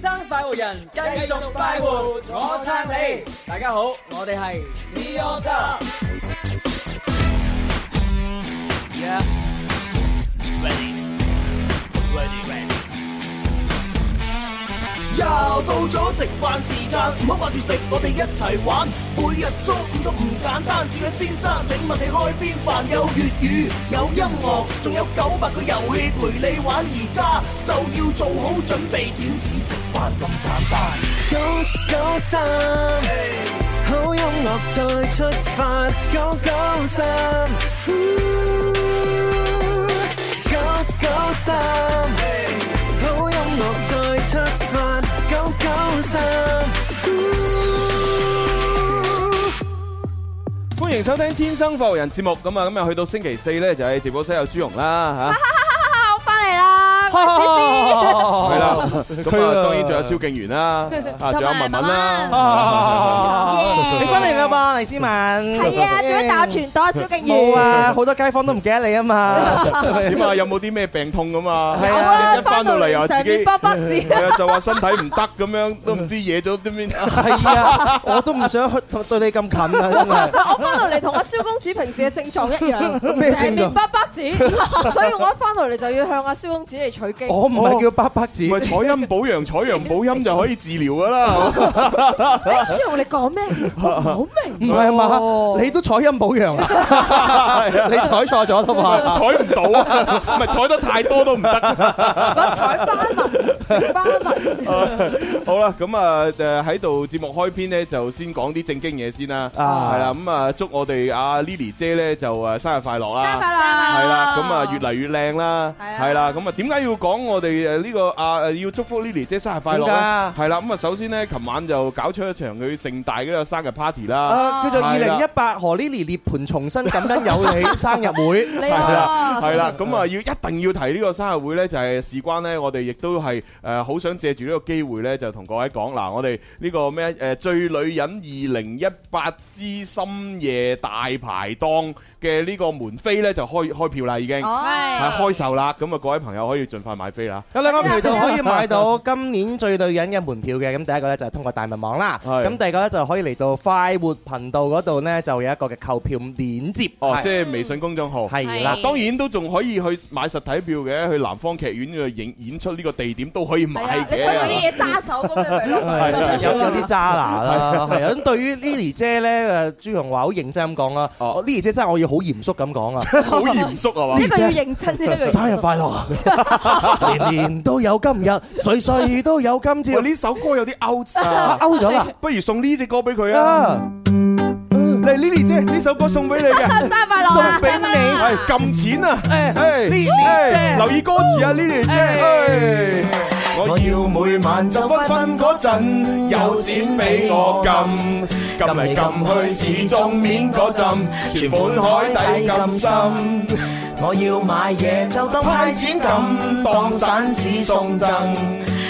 生快活人，繼續快活，我撐你。大家好，我哋係 The Octa。又到咗食飯時間，唔好掛住食，我哋一齊玩。每日中午都唔簡單，似個先生請問你開邊飯。有粵語，有音樂，仲有九百個遊戲陪你玩。而家就要做好準備，點止食飯咁簡單？九九三，Hey. 好音樂再出發。九九三，九、嗯、九三，Hey. 好音樂再出發。歡迎收聽《天生浮人》節目，咁啊，咁啊，去到星期四咧，就喺直播室有朱蓉啦，吓、啊。 哦，係啦，咁啊當然仲有蕭敬元啦，啊，仲有文呢，你翻嚟啦嘛黎思文，係啊，仲有打傳代蕭敬元，冇啊，好多街坊都唔記得你啊嘛，起碼有冇啲咩病痛㗎嘛？有啊，一翻到嚟成面疤疤子，係啊，就話身體唔得咁樣，都唔知惹咗啲咩？係啊，我都唔想去對你咁近啊，我翻到嚟同阿蕭公子平時嘅症狀一樣，成面疤疤子，所以我一翻到嚟就要向阿蕭公子嚟取。我唔係叫八八字，唔係採陰補陽，採陽補陰就可以治療噶啦。之後我哋講咩？唔好明。唔係啊嘛，你都採陰補陽，你採錯咗啦嘛，採唔到啊，唔係採得太多都唔得。採斑紋，斑紋。好啦，咁啊誒喺度節目開篇咧，就先講啲正經嘢先啦。係啦，咁啊祝我哋阿 Lily 姐咧就誒生日快樂啦！生日快樂！係啦，咁啊越嚟越靚啦，係啦，咁啊點解要？要講我哋誒呢個啊誒要祝福 Lily 姐生日快樂。點解啊？係啦，咁啊首先呢，琴晚就搞出一場佢盛大嘅生日 party 啦，啊。叫做二零一八何 Lily 涅槃重生感恩有你生日會。係啦 的，咁啊要一定要提呢個生日會呢，就係事關呢。我哋亦都係誒好想借住呢個機會呢，就同各位講嗱，我哋呢個咩誒最女人二零一八之深夜大排檔。嘅呢個門飛咧就開開票啦，已經係開售啦，咁啊各位朋友可以盡快買飛啦。有兩個渠道可以買到今年最對人嘅門票嘅，咁第一個咧就係通過大文網啦，咁第二個咧就可以嚟到快活頻道嗰度呢，就有一個嘅購票鏈接。哦，即係微信公眾號。係啦，當然都仲可以去買實體票嘅，去南方劇院嘅演演出呢個地點都可以買嘅。你想嗰啲嘢揸手咁樣咪有啲渣拿啦。係咁對於 Lily 姐咧，朱雄話好認真咁講啦。Lily 姐真係我要。好嚴肅咁講啊！好嚴肅啊嘛？呢個要認真啲。生日快樂！年年都有今日，歲歲都有今朝。呢首歌有啲 out 啊 out 咗啦！不如送呢隻歌俾佢啊！嚟 Lily 姐，呢首歌送俾你啊！生日快樂！送俾你，撳錢啊！Lily 姐，留意歌詞啊，Lily 姐。我要每晚就分分嗰陣有錢俾我撳。撳嚟撳去，始終面嗰浸，全部海底咁深。 我要買嘢就當派錢咁，當散紙送贈。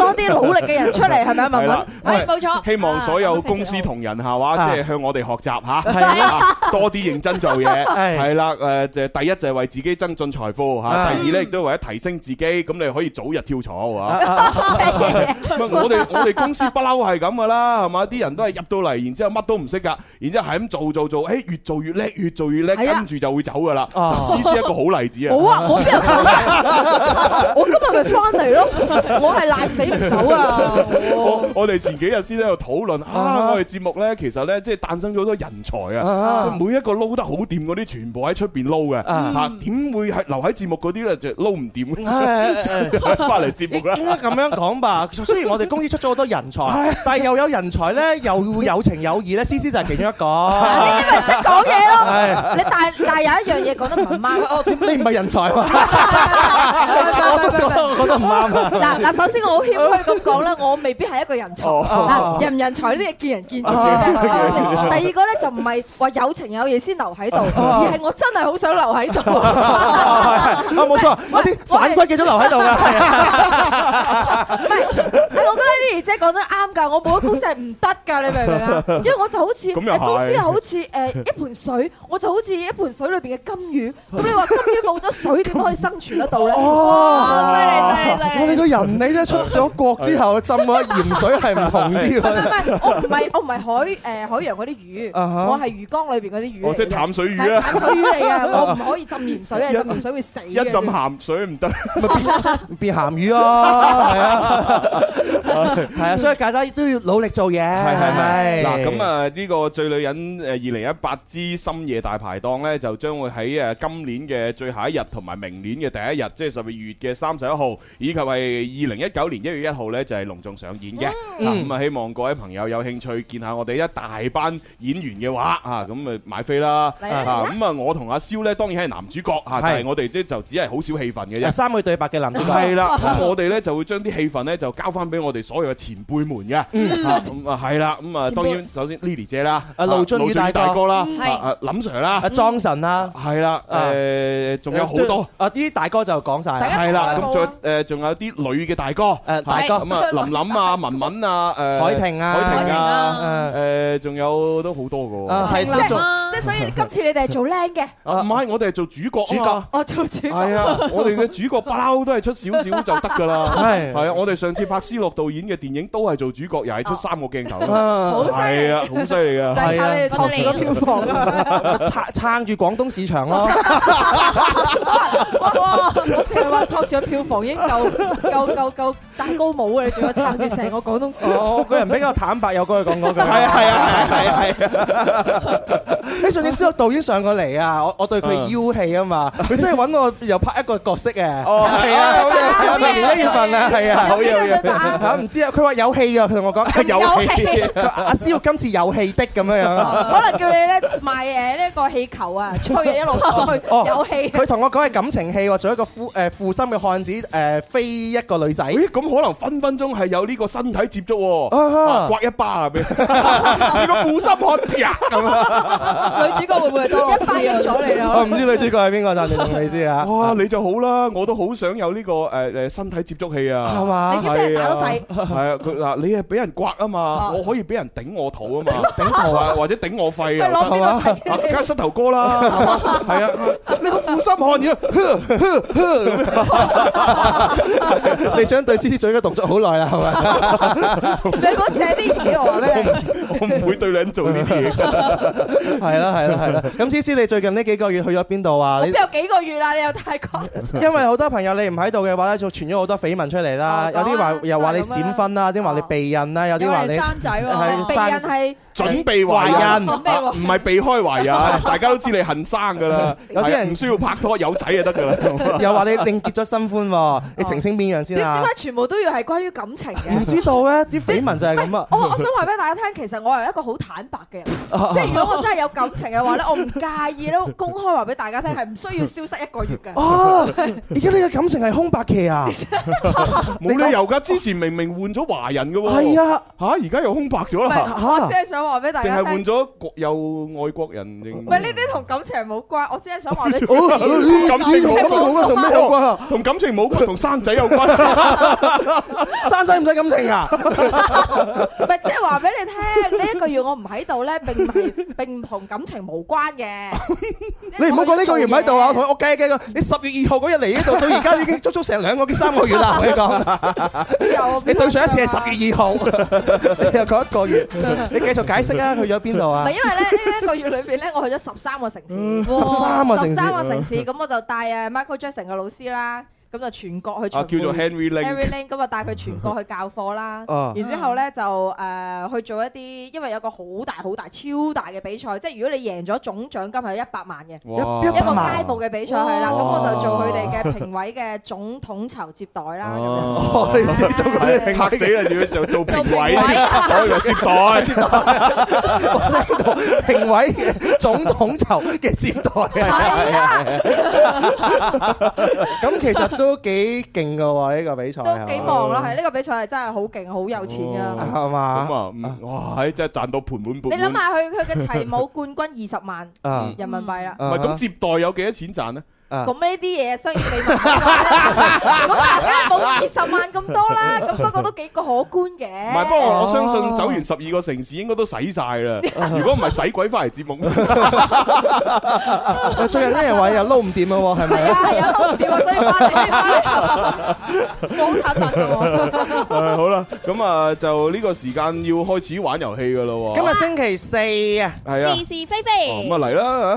多啲努力嘅人出嚟，係咪啊？冇錯，希望所有公司同仁嚇話，即係向我哋學習嚇，多啲認真做嘢係啦。誒，第一就係為自己增進財富嚇，第二咧亦都為咗提升自己，咁你可以早日跳槽嚇。我哋我哋公司不嬲係咁噶啦，係嘛？啲人都係入到嚟，然之後乜都唔識噶，然之後係咁做做做，誒越做越叻，越做越叻，跟住就會走噶啦。師一個好例子啊！好啊，我邊有我今日咪翻嚟咯，我係賴死。啊！我哋前幾日先喺度討論啊，我哋節目咧，其實咧即係誕生咗好多人才啊！每一個撈得好掂嗰啲，全部喺出邊撈嘅，嗱點會係留喺節目嗰啲咧？就撈唔掂，翻嚟節目啦！應該咁樣講吧。雖然我哋公司出咗好多人才，但係又有人才咧，又會有情有義咧。詩詩就係其中一個。你因為識講嘢咯？你但但係有一樣嘢講得唔啱。你唔係人才嘛？我覺得唔啱。嗱嗱，首先我好可以咁講啦，我未必係一個人才，oh, oh, oh, oh, oh. 人唔人才呢嘢見仁見智嘅啫。Oh, oh, oh, oh, oh. 第二個咧就唔係話有情有義先留喺度，oh, oh, oh, oh. 而係我真係好想留喺度。啊、 哦，冇錯，喂反骨嘅是都留喺度嘅。 唔係，係我覺得呢啲姐講得啱㗎。我冇咗公司係唔得㗎，你明唔明啊？因為我就好似公司，好似誒一盆水，我就好似一盆水裏邊嘅金魚。咁你話金魚冇咗水點可以生存得到咧？哦，犀利犀利犀！我哋個人嚟啫，出咗國之後浸咗鹽水係唔同啲㗎。唔係唔係，我唔係我唔係海誒海洋嗰啲魚，我係魚缸裏邊嗰啲魚。即係淡水魚啊！淡水魚嚟嘅！我唔可以浸鹽水啊！浸鹽水會死。一浸鹹水唔得，變鹹魚啊！係啊，係啊，所以大家都要努力做嘢，係係咪？嗱，咁啊呢個最女人誒二零一八之深夜大排檔咧，就將會喺誒今年嘅最後一日，同埋明年嘅第一日，即係十二月嘅三十一號，以及係二零一九年一月一號咧，就係隆重上演嘅。嗱，咁啊希望各位朋友有興趣見下我哋一大班演員嘅話啊，咁啊買飛啦啊，咁啊我同阿蕭咧，當然係男主角吓，係我哋咧就只係好少戲份嘅啫，三個對白嘅男主角係啦，咁我哋咧就。會將啲氣氛咧就交翻俾我哋所有嘅前輩們嘅，咁啊係啦，咁啊當然首先 Lily 姐啦，啊盧俊大哥啦，啊林 Sir 啦，啊莊臣啦，係啦，誒仲有好多，啊啲大哥就講晒係啦，咁仲誒仲有啲女嘅大哥，誒大哥咁啊林琳啊文文啊，誒海婷啊海婷啊，誒仲有都好多噶，係即係即係所以今次你哋係做靚嘅，唔係我哋係做主角啊，我做主係啊，我哋嘅主角不嬲都係出少少就得噶啦。係，係啊！我哋上次拍斯諾導演嘅電影都係做主角，又係出三個鏡頭，好犀利啊，好犀利噶，就係托住個票房，撐住廣東市場咯。哇！我成日話托住個票房已經夠夠夠夠搭高帽啊！你仲要撐住成個廣東市場。我個人比較坦白，有句講過咁。係啊係啊係啊係啊！你上次斯諾導演上過嚟啊，我我對佢腰戲啊嘛，佢真係揾我又拍一個角色啊！哦，係啊，咁啊，明年一月份啊。係啊，好有嘅嚇唔知啊？佢話有戲啊！佢同我講有戲，阿蕭今次有戲的咁樣樣，可能叫你咧賣誒呢個氣球啊，穿越一路落去哦有戲。佢同我講係，感情戲喎，做一個負誒負心嘅漢子誒飛一個女仔。咦？咁可能分分鐘係有呢個身體接觸，刮一巴啊！咩？如果負心漢㗋，女主角會唔會當一巴咗你啊？我唔知女主角係邊個啦，你知唔知啊？哇！你就好啦，我都好想有呢個誒誒身體接觸戲。係、啊啊、嘛？係啊！係啊！佢嗱，你係俾人刮啊嘛，我可以俾人頂我肚啊嘛，頂頭啊 或者頂我肺啊， 啊加膝頭哥啦，係 啊！呢個負心漢要， 你想對獅子嘴嘅動作好耐啦，係咪？ 你唔好借啲意我啊，你。我唔會對你咁做呢啲嘢，係啦係啦係啦。咁詩詩，你最近呢幾個月去咗邊度啊？你有幾個月啦？你又泰國？因為好多朋友你唔喺度嘅話咧，就傳咗好多緋聞出嚟啦。有啲話又話你閃婚啦，啲話你避孕啦，有啲話你生仔喎，係備孕，係準備懷孕，唔係避開懷孕。大家都知你恨生噶啦，有啲人唔需要拍拖有仔就得噶啦。又話你另結咗新歡，你澄清邊樣先啊？點解全部都要係關於感情嘅？唔知道咧，啲緋聞就係咁啊！我我想話俾大家聽，其實我。我係一個好坦白嘅人，即係如果我真係有感情嘅話咧，我唔介意咧公開話俾大家聽，係唔需要消失一個月嘅。哦，而家呢個感情係空白期啊，冇理由㗎。之前明明換咗華人㗎喎，係啊，吓而家又空白咗啦吓。即係想話俾大家，淨係換咗國有外國人定？唔係呢啲同感情冇關，我只係想話俾你。感情冇關，同咩有關？同感情冇關，同生仔有關。生仔唔使感情啊？咪即係話俾你聽。呢一個月我唔喺度咧，並唔係並唔同感情無關嘅。 你唔好講呢個月唔喺度啊！我我計計個，你十月二號嗰日嚟呢度， 到而家已經足足成兩個幾三個月啦！我講，你對上一次係十月二號， 你又講一個月， 你繼續解釋啊！去咗邊度啊？係因為咧，呢一個月裏邊咧，我去咗十三個城市，十三、 哦、十三個城市咁，我就帶啊 Michael Jackson 嘅老師啦。咁就全國去啊，叫做 Henry Link。Henry Link 咁啊，帶佢全國去教課啦。然之後咧就誒去做一啲，因為有個好大、好大、超大嘅比賽，即係如果你贏咗總獎金係一百萬嘅，哇！一個街舞嘅比賽係啦，咁我就做佢哋嘅評委嘅總統籌接待啦。咁樣嚇死啦！仲要做做評委，我又接待，我呢個評委嘅總統籌嘅接待。咁其實。都幾勁噶喎呢個比賽，都幾忙啦。係呢、哦這個比賽係真係好勁，好有錢噶，係嘛、哦？咁啊，啊、嗯，哇！真係賺到盆滿缽滿。你諗下佢佢嘅齊舞冠軍二十萬人民幣啦。唔係咁接待有幾多錢賺呢？咁呢啲嘢商業秘密，咁啊冇二十萬咁多啦，咁不過都幾個可觀嘅。唔係，不過我相信走完十二個城市應該都使曬啦。如果唔係洗鬼翻嚟節目？最近聽人話又撈唔掂啊，係咪啊？又撈唔掂啊，所以翻嚟，翻嚟頭，我好忐忑。好啦，咁啊，就呢個時間要開始玩遊戲嘅啦。今日星期四啊，係啊，是是非非，咁啊嚟啦。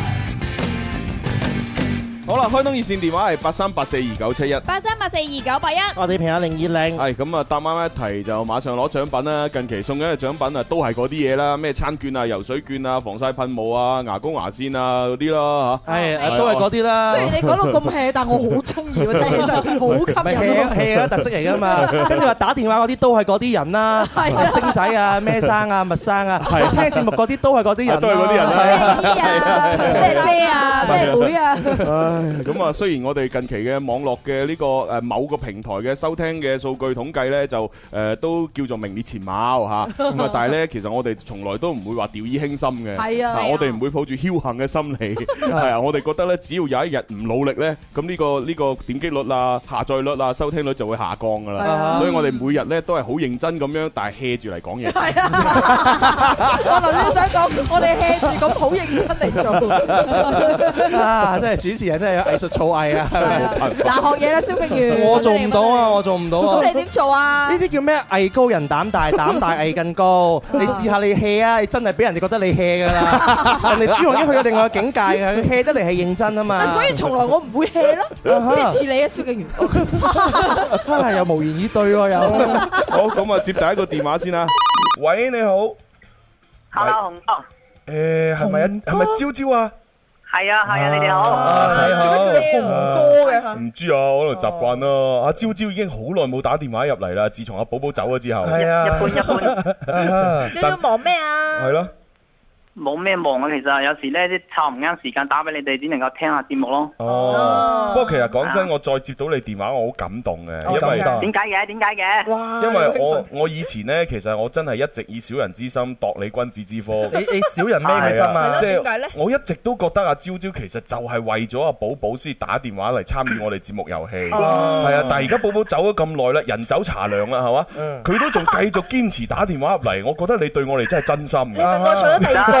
好啦，開通熱線電話係八三八四二九七一，八三八四二九八一，我哋朋友零二零。係咁啊，答啱一題就馬上攞獎品啦！近期送緊嘅獎品啊，都係嗰啲嘢啦，咩餐券啊、游水券啊、防曬噴霧啊、牙膏牙線啊嗰啲咯，吓係都係嗰啲啦。雖然你講到咁 hea，但係我好中意聽，其實好吸引 hea 嘅特色嚟㗎嘛。跟住話打電話嗰啲都係嗰啲人啦，星仔啊、咩生啊、麥生啊，聽節目嗰啲都係嗰啲人，都係嗰啲人啦，咩啊，咩咩啊，咩會啊。咁啊，雖然我哋近期嘅網絡嘅呢個誒某個平台嘅收聽嘅數據統計咧，就誒都叫做名列前茅吓，但係咧其實我哋從來都唔會話掉以輕心嘅。係啊，我哋唔會抱住僥倖嘅心理，係啊，我哋覺得咧只要有一日唔努力咧，咁呢個呢個點擊率啊、下載率啊、收聽率就會下降噶啦。所以我哋每日咧都係好認真咁樣，但係 hea 住嚟講嘢。係啊，我頭先想講，我哋 hea 住咁好認真嚟做啊，真係主持人真係。係啊，藝術造詣啊，係咪？嗱，學嘢啦，蕭敬員，我做唔到啊，我做唔到啊。咁你點做啊？呢啲叫咩？藝高人膽大，膽大藝更高。你試下你怯啊，你真係俾人哋覺得你怯噶啦。人哋朱紅英去咗另外嘅境界啊，佢怯得嚟係認真啊嘛。所以從來我唔會怯咯，好似你啊，蕭敬員，又無言以對又。好，咁啊接第一個電話先啦。喂，你好，係啊，洪哥，誒，係咪啊？係咪招招啊？係啊係啊，你哋好，做咩叫做洪哥嘅？唔下、啊啊、知啊，可能習慣啦。阿朝朝已經好耐冇打電話入嚟啦，自從阿寶寶走咗之後。係啊，一般一般。朝朝忙咩啊？係咯、 啊。但冇咩忙啊，其實有時咧啲湊唔啱時間打俾你哋，只能夠聽下節目咯。哦，不過其實講真，我再接到你電話，我好感動嘅，因為點解嘅？點解嘅？因為我我以前呢，其實我真係一直以小人之心度你君子之腹。你你小人咩嘅心啊？即係我一直都覺得阿朝朝其實就係為咗阿寶寶先打電話嚟參與我哋節目遊戲。係啊，但係而家寶寶走咗咁耐啦，人走茶涼啦，係嘛？佢都仲繼續堅持打電話入嚟，我覺得你對我哋真係真心。你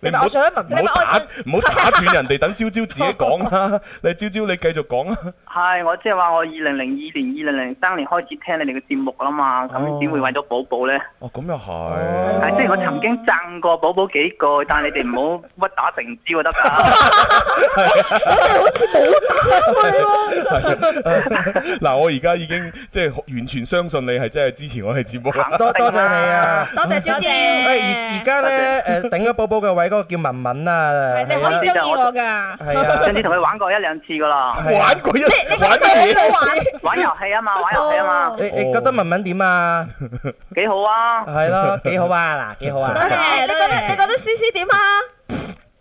你唔好想，唔好打，唔好打斷人哋，等招招自己講啦。你招招你繼續講啦。係我即係話我二零零二年、二零零三年開始聽你哋嘅節目㗎啦嘛，咁點會為咗寶寶咧？哦，咁又係。係即係我曾經讚過寶寶幾句，但係你哋唔好屈打成招啊得㗎。我哋好似冇打過你。嗱，我而家已經即係完全相信你係真係支持我哋節目，多多謝你啊，多謝招招。誒，而而家咧誒，頂咗寶寶嘅位。嗰個叫文文啊，你可以中意我㗎，上次同佢玩過一兩次㗎啦，玩過一，即係你哋喺度玩玩遊戲啊嘛，玩遊戲啊嘛，你你覺得文文點啊？幾好啊？係咯，幾好啊，嗱幾好啊！多謝，你覺得你覺得思思點啊？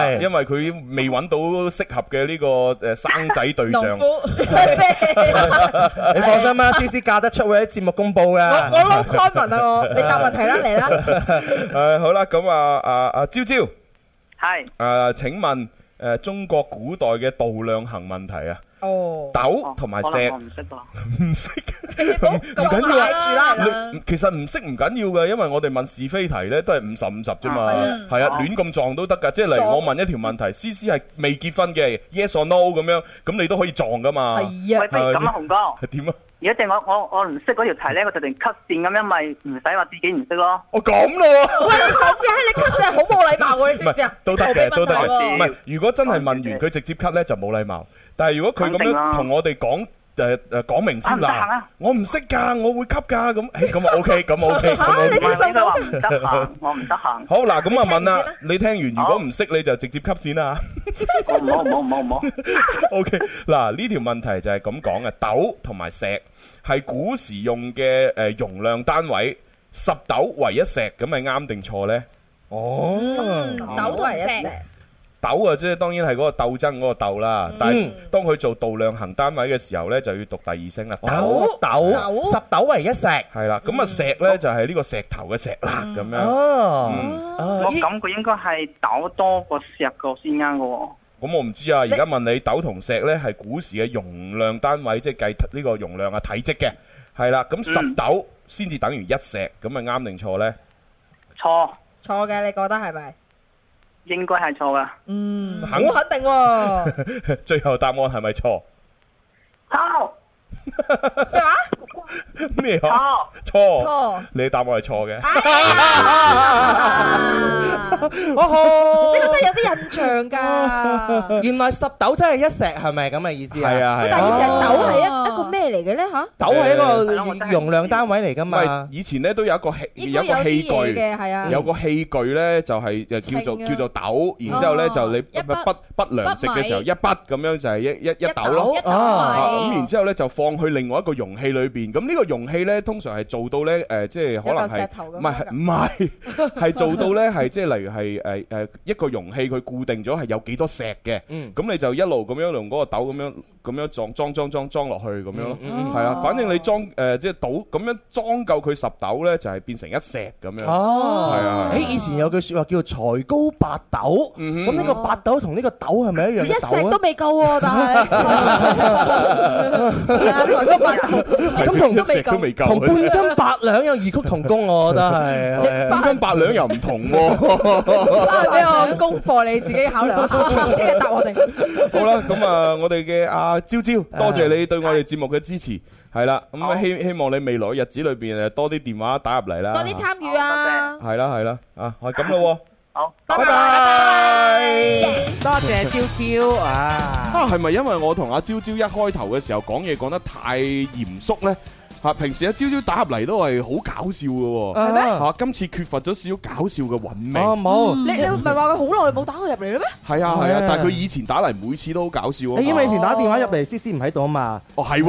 係，因為佢未搵到適合嘅呢個誒生仔對象。你放心啦，詩詩嫁得出會喺節目公布嘅。我我開問啊，我你答問題啦，嚟啦。誒，好啦，咁啊啊啊，朝朝係誒，請問誒，中國古代嘅度量衡問題啊？哦，豆同埋石，唔識，唔識，唔緊要住啦。其實唔識唔緊要嘅，因為我哋問是非題咧都係五十五十啫嘛，係啊，亂咁撞都得噶。即係例如我問一條問題，詩詩係未結婚嘅，Yes or No 咁樣，咁你都可以撞噶嘛。係啊，喂，咁啊，紅哥係點啊？而家我我我唔識嗰條題咧，我就定 cut 線咁樣，咪唔使話自己唔識咯。我咁咯，喂，你講嘢係你 cut 線好冇禮貌喎，你知唔知啊？都得嘅，都得嘅。唔係，如果真係問完佢直接 cut 咧，就冇禮貌。但係如果佢咁樣同我哋講，誒誒，講明先啦，我唔識噶，我會吸噶咁。誒咁啊 OK，咁 OK，你唔得閒啊，我唔得閒。好嗱，咁啊問啦，你聽完如果唔識你就直接吸綫啦吓。唔好唔好唔好唔好，OK 嗱，呢條問題就係咁講嘅，斗同埋石係古時用嘅，誒容量單位，十斗為一石，咁係啱定錯呢？哦，斗同石。斗啊，即係當然係嗰個鬥爭嗰個鬥啦。但係當佢做度量衡單位嘅時候咧，就要讀第二聲啦。斗斗，十斗為一石。係啦，咁啊石咧就係呢個石頭嘅石啦。咁樣。哦。我感覺應該係斗多過石個先啱嘅。咁我唔知啊，而家問你斗同石咧係古時嘅容量單位，即係計呢個容量嘅體積嘅。係啦，咁十斗先至等於一石，咁咪啱定錯咧？錯錯嘅，你覺得係咪？應該係錯噶，嗯，肯肯定、啊、 最後答案係咪錯？好錯。咩話 咩？錯錯，你答案係錯嘅。呢個真係有啲印象噶。原來十斗真係一石，係咪咁嘅意思啊？係啊係啊。咁但以斗係一一個咩嚟嘅咧？吓，斗係一個容量單位嚟噶嘛。唔係，以前咧都有一個器，有個器具嘅，係啊。有個器具咧就係就叫做叫做斗，然之後咧就你筆筆糧食嘅時候，一筆咁樣就係一一一斗咯。一斗米。咁然之後咧就放去另外一個容器裏邊。咁呢個容器咧，通常係做到咧，誒，即係可能係石頭，唔係，唔係，係做到咧，係即係例如係，誒，誒，一個容器佢固定咗係有幾多石嘅，咁你就一路咁樣用嗰個斗咁樣，咁樣裝裝裝裝裝落去咁樣咯，係啊，反正你裝，誒，即係倒咁樣裝夠佢十斗咧，就係變成一石咁樣，係啊，誒，以前有句説話叫做才高八斗，咁呢個八斗同呢個斗係咪一樣？一石都未夠喎，但係，係啊，才高八斗。都未夠，同半斤八兩有異曲同工，我覺得係。半斤八兩又唔同喎。返去畀我功課你自己考量，聽日答我哋。好啦，咁啊，我哋嘅阿昭昭，多謝你對我哋節目嘅支持。係啦，咁希希望你未來日子裏邊誒多啲電話打入嚟啦，多啲參與啊。係啦，係啦，啊，係咁咯。好，拜拜。多謝昭昭啊。啊，係咪因為我同阿昭昭一開頭嘅時候講嘢講得太嚴肅咧？吓，平時一朝朝打入嚟都係好搞笑嘅，係咩？吓，今次缺乏咗少少搞笑嘅韻味。哦，冇，你你唔係話佢好耐冇打佢入嚟咧咩？係啊係啊，但係佢以前打嚟每次都好搞笑。咦，咪以前打電話入嚟思思唔喺度啊嘛？哦，係，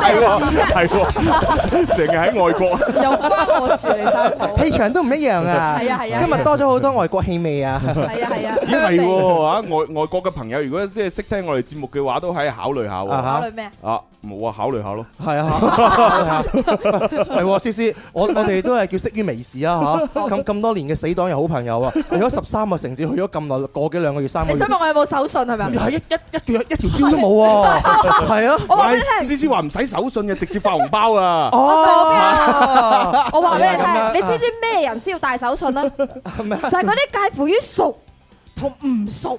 係，係，成日喺外國，有跨國嚟睇，氣場都唔一樣啊！係啊係啊，今日多咗好多外國氣味啊！係啊係啊，咦，唔係？吓外外國嘅朋友，如果即係識聽我哋節目嘅話，都可以考慮下。考慮咩啊？冇啊，考慮下咯。係啊。係，思思，我我哋都係叫識於微視啊，吓咁咁多年嘅死黨又好朋友啊，去咗十三個城市，去咗咁耐，過幾兩個月三，你想問我有冇手信係咪啊？係一一一句一條蕉都冇啊，係啊，我話俾你聽，思思話唔使手信嘅，直接發紅包噶。哦，我話俾你聽，你知唔知咩人先要帶手信咧？係咪？就係嗰啲介乎於熟同唔熟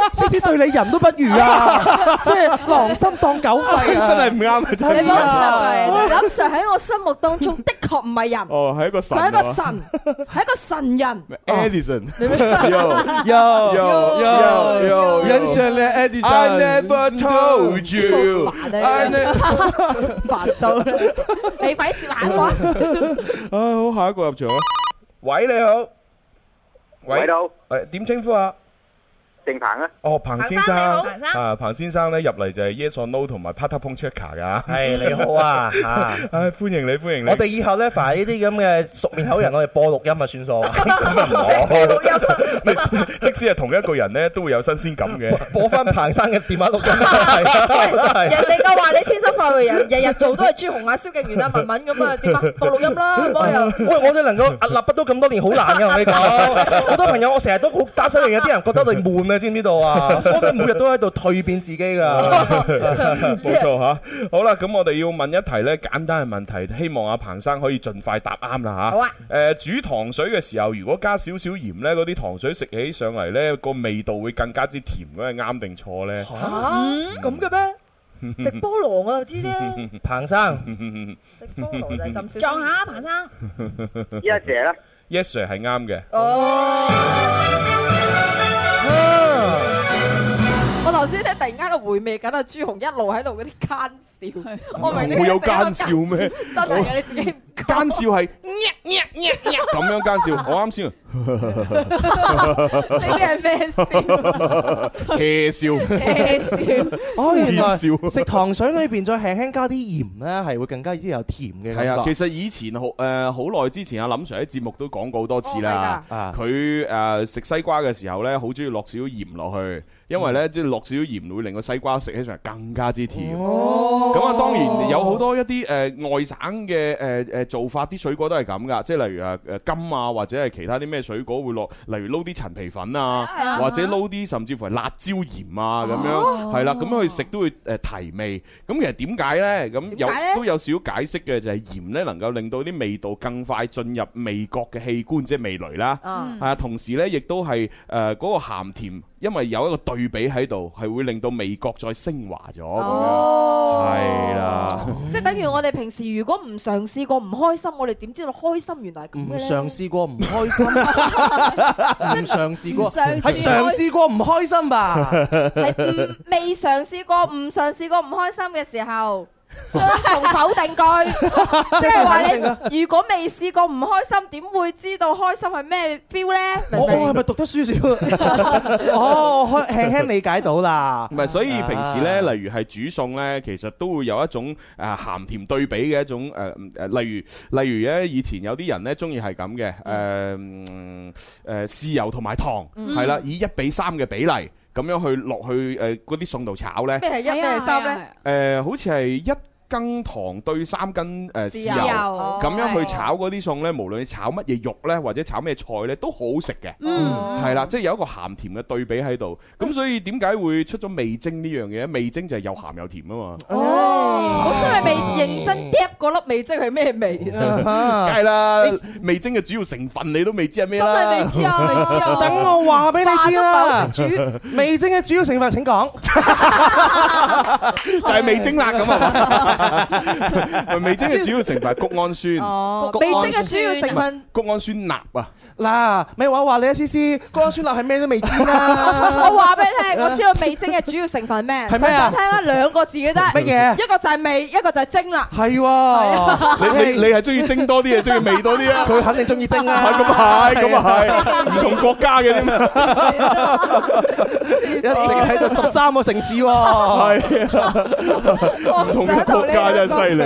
老師對你人都不如啊，即係狼心當狗肺啊，真係唔啱啊！真係。你講錯啦，林 Sir 喺我心目當中的確唔係人，哦係一個神，係一個神，係一個神人。Edison，有有有有，Ins 上咧，Edison。I never told you。煩到，你快接下一個。啊，好，下一個入場啊！喂，你好，喂到，誒，點稱呼啊？鄭鵬啊！哦，彭先生，彭生，啊，彭先生咧入嚟就係 Yes or No 同埋 Part and Check 啊，係你好啊，吓，唉，歡迎你，歡迎你，我哋以後咧凡呢啲咁嘅熟面口人，我哋播錄音啊，算數，錄音，即使係同一個人咧，都會有新鮮感嘅，播翻彭生嘅電話錄音，人哋夠話你天生快活人，日日做都係朱紅眼、消極員啊、文文咁啊，點啊，播錄音啦，喂，我哋能夠屹立不倒咁多年，好難噶，我講，好多朋友，我成日都好擔心，有啲人覺得你悶。你知唔知道啊？哥仔每日都喺度蛻變自己噶，冇錯吓。好啦，咁我哋要問一題咧簡單嘅問題，希望阿彭生可以盡快答啱啦吓。好啊。誒，煮糖水嘅時候，如果加少少鹽咧，嗰啲糖水食起上嚟咧，個味道會更加之甜咧，啱定錯咧？吓咁嘅咩？食菠蘿我就知啫。彭生，食菠蘿就係浸少，撞下彭生。Yes sir 咧？Yes sir 係啱嘅。哦。我頭先咧，突然間個回味緊啊！朱紅一路喺度嗰啲奸笑，啊、我明你我有奸笑咩？真係嘅，我你自己奸笑係咩咩咩咩咁樣奸笑？ 我啱先。呢啲係咩笑？邪笑，邪笑，哦，原來 食糖水裏邊再輕輕加啲鹽咧，係會更加之有甜嘅。係啊，其實以前好誒，好耐、呃、之前阿林 Sir 喺節目都講過好多次啦。佢誒食西瓜嘅時候咧，好中意落少少鹽落去，因為咧即係落少少鹽會令個西瓜食起上嚟，更加之甜。哦，咁啊、哦，當然有好多一啲誒外省嘅誒誒做法，啲水果都係咁噶，即係例如啊誒柑啊，或者係其他啲咩。水果會落，例如撈啲陳皮粉啊，或者撈啲，甚至乎係辣椒鹽啊咁樣，係啦，咁樣去食都會誒提味。咁其實點解咧？咁有都有少解釋嘅，就係鹽咧能夠令到啲味道更快進入味覺嘅器官，即係味蕾啦。啊，同時咧亦都係誒嗰個鹹甜，因為有一個對比喺度，係會令到味覺再升華咗。哦，係啦，即係等於我哋平時如果唔嘗試過唔開心，我哋點知道開心原來係咁嘅咧？唔嘗試過唔開心。即係嘗試過，係嘗試過唔開心吧？係未嘗試過，唔嘗試過唔開心嘅時候。從否定句，即係話你如果未試過唔開心，點會知道開心係咩 feel 咧？我我係咪讀得書少？ 哦，輕輕理解到啦。唔係，所以平時咧，例如係煮餸咧，其實都會有一種誒、啊、鹹甜對比嘅一種誒誒、呃呃。例如例如咧，以前有啲人咧中意係咁嘅誒誒，豉、呃呃、油同埋糖係啦、嗯，以一比三嘅比例。咁樣去落去誒嗰啲餸度炒咧？即係一咩係三咧？誒好似係一。羹糖兌三斤誒豉油，咁樣去炒嗰啲餸咧，無論你炒乜嘢肉咧，或者炒咩菜咧，都好食嘅。嗯，係啦，即係有一個鹹甜嘅對比喺度。咁所以點解會出咗味精呢樣嘢？味精就係又鹹又甜啊嘛。哦，我真係未認真嗒嗰粒味精係咩味。梗係啦，味精嘅主要成分你都未知係咩？真係未知啊！未知啊！等我話俾你知啦。味精嘅主要成分請講，就係味精啦咁啊。味精嘅主要成分係谷氨酸，味精嘅主要成分谷氨酸鈉啊！嗱，咪話話你啊，思思，谷氨酸鈉係咩都未知啦。我話俾你聽，我知道味精嘅主要成分咩？係咪？啊？聽下兩個字嘅啫，乜嘢？一個就係味，一個就係精啦。係喎，你你你係中意精多啲，定係中意味多啲啊？佢肯定中意精啊！咁係，咁啊係，唔同國家嘅啫嘛。一直喺度十三個城市喎，係唔同嘅國。家真係犀利，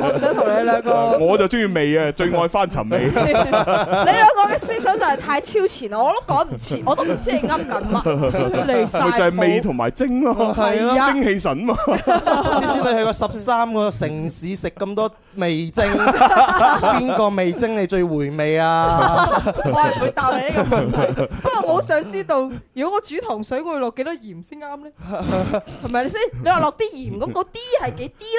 我想同你兩個，我就中意味啊，最愛翻尋味。你兩個嘅思想就係太超前啦，我都講唔切，我都唔知你啱緊乜。啱嚟就係味同埋精咯，係啦，精氣神嘛。你去過十三個城市食咁多味精，邊個味精你最回味啊？我係唔會答你呢個問題。不過我好想知道，如果我煮糖水，我落幾多鹽先啱咧？係咪先？你話落啲鹽咁，嗰啲係幾啲？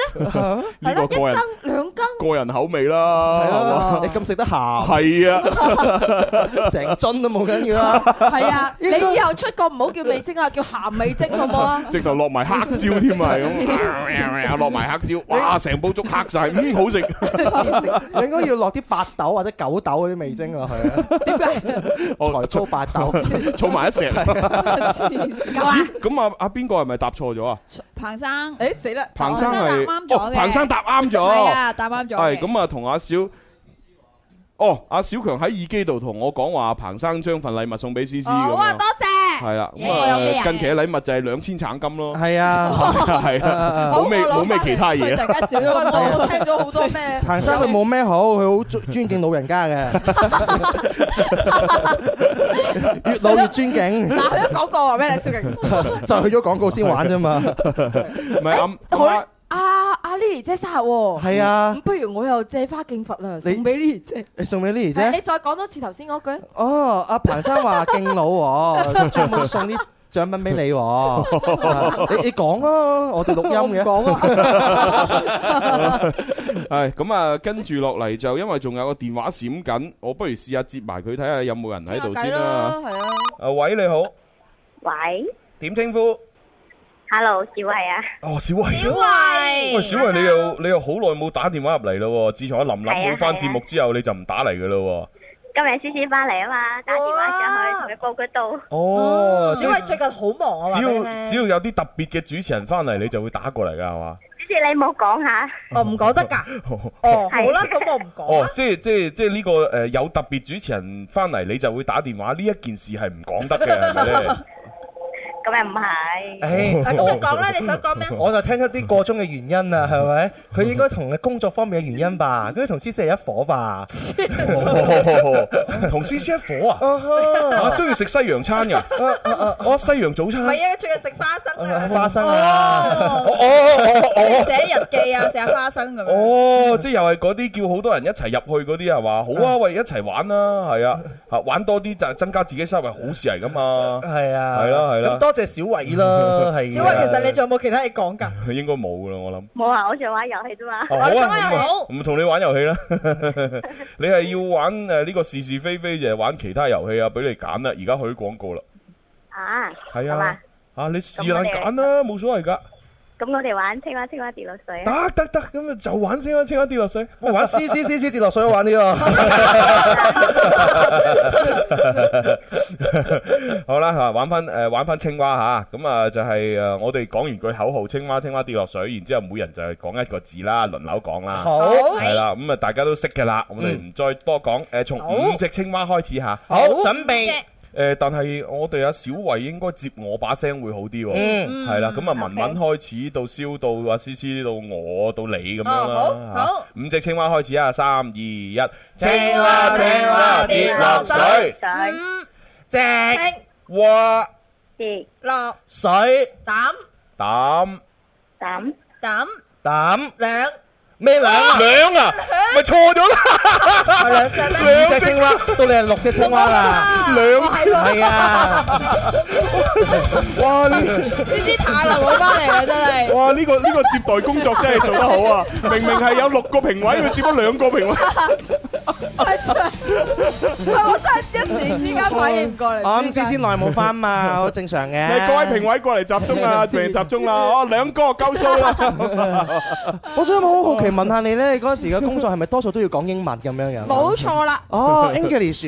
呢個一斤兩斤個人口味啦，係嘛？你咁食得鹹係啊？成樽都冇緊要啊。係啊，你以後出國唔好叫味精啦，叫鹹味精好唔好啊？直頭落埋黑椒添啊，咁落埋黑椒，哇！成煲粥黑晒，唔好食。你應該要落啲八斗或者九斗嗰啲味精啊，係啊？點解？我粗八斗，粗埋一石。咁啊？咁阿阿邊個係咪答錯咗啊？彭生，誒，死啦！彭生係。啱咗嘅，彭生答啱咗，係啊，答啱咗。係咁啊，同阿小哦，阿小強喺耳機度同我講話，彭生將份禮物送俾思思好啊，多謝。係啦，近期嘅禮物就係兩千橙金咯。係啊，係冇咩冇咩其他嘢啊。最近少咗，我聽咗好多咩？彭生佢冇咩好，佢好尊尊敬老人家嘅，越老越尊敬。嗱，佢都講過咩？小強就去咗廣告先玩啫嘛，唔係啱好。阿阿 Lily 姐生日喎，係啊，咁不如我又借花敬佛啦，送俾 Lily 姐，送俾 Lily 姐，你再講多次頭先嗰句。哦，阿彭生話敬老，我仲冇送啲獎品俾你喎。你你講啊，我哋錄音嘅。講啊，係咁啊，跟住落嚟就因為仲有個電話閃緊，我不如試下接埋佢睇下有冇人喺度先啦。係啊，啊，喂，你好，喂，點稱呼？hello，小慧啊！哦，小慧！小慧！喂，小慧，你又你又好耐冇打電話入嚟咯，自從阿林林會翻節目之後，你就唔打嚟噶咯。今日思思翻嚟啊嘛，打電話上去同佢報個到。哦，小慧最近好忙啊嘛。只要只要有啲特別嘅主持人翻嚟，你就會打過嚟噶係嘛？思思，你冇講下。我唔講得噶。哦，好啦，咁我唔講。哦，即係即係即係呢個誒有特別主持人翻嚟，你就會打電話，呢一件事係唔講得嘅。咁又唔係，誒、欸，咁劇 suppression. 就講啦，你想講咩？我就聽出啲過鐘嘅原因啦，係咪？佢應該同你工作方面嘅原因吧，佢同 C C 一伙吧，同、 哦、 C C 一伙啊，啊，啊哈，中意食西洋餐㗎，我、啊啊、 西洋早餐，唔係啊，最近食花生啊，啊花生、啊，哦哦寫、啊啊啊、日記啊，寫下花生咁樣，哦，即係又係嗰啲叫好多人一齊入去嗰啲係嘛？好啊，喂，一齊玩啊，係啊，嚇、啊啊啊、玩多啲就增加自己收入，好事嚟㗎嘛，係啊，係啦、啊，係啦。多謝，謝小偉啦，係、 啊、小偉，其實你仲有冇其他嘢講噶？應該冇啦，我諗冇啊，我淨係玩遊戲啫嘛。你今晚又好唔同你玩遊戲啦， 你係要玩誒呢個是是非非，就係玩其他遊戲啊，俾你揀啦。而家去廣告啦，啊係啊，嗎啊你少揀啦，冇所謂噶咁我哋玩青蛙，青蛙跌落水。得得得，咁啊就玩青蛙，青蛙跌落水。我玩 C C C C 跌落水，我玩呢、這個。 嗯、原好啦，吓玩翻誒，玩翻、呃、青蛙吓。咁啊就係誒，我哋講完句口號，青蛙，青蛙跌落水。然之後，後每人就係講一個字啦，輪流講啦。好係啦，咁啊大家都識噶啦，mm、我哋唔再多講。誒、呃，從五隻青蛙開始吓。好，好，準備。但係我哋阿小慧應該接我把聲會好啲喎，係啦，咁啊文文開始到燒到阿思思到我到你咁樣啦，好，五隻青蛙開始啊，三二一，青蛙，青蛙跌落水，五隻哇！跌落水，抌抌抌抌抌兩。咩兩兩啊？咪錯咗啦！兩隻兩隻青蛙，到你係六隻青蛙啦！兩係啊！哇！思思太耐冇翻嚟啦，真係！哇！呢個呢個接待工作真係做得好啊！明明係有六個評委，你接多兩個評委。係我真係一時之間反應唔過嚟。我啱先先耐冇翻嘛，好正常嘅。各位評委過嚟集中啦，嚟集中啦！哦，兩個夠數啦！我想好好奇。問下你咧，你嗰陣時嘅工作係咪多數都要講英文咁樣樣？冇錯啦。哦，English，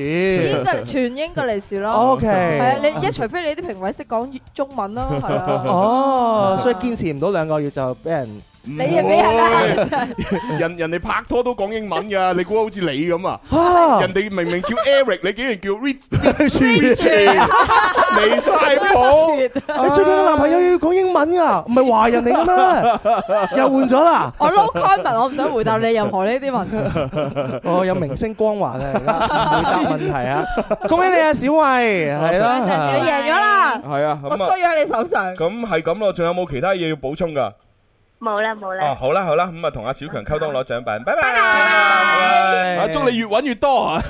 全 English 咯。O K，係啊，你一，除非你啲評委識講中文咯。係啊。哦，所以堅持唔到兩個月就俾人。你你係奸細，人人哋拍拖都講英文噶，你估好似你咁啊？人哋明明叫 Eric，你竟然叫 Rich，離晒譜？你最近嘅男朋友要講英文噶，唔係華人嚟噶咩？又換咗啦！我 no comment，我唔想回答你任何呢啲問題。我，有明星光環啊！冇問題啊！恭喜你啊，小威，係咯，贏咗啦，係啊，我衰喺你手上。咁係咁咯，仲有冇其他嘢要補充噶？冇啦冇啦，哦好啦好啦，咁啊同阿小強溝通，攞獎品，拜拜，拜拜，阿祝你越搵越多啊！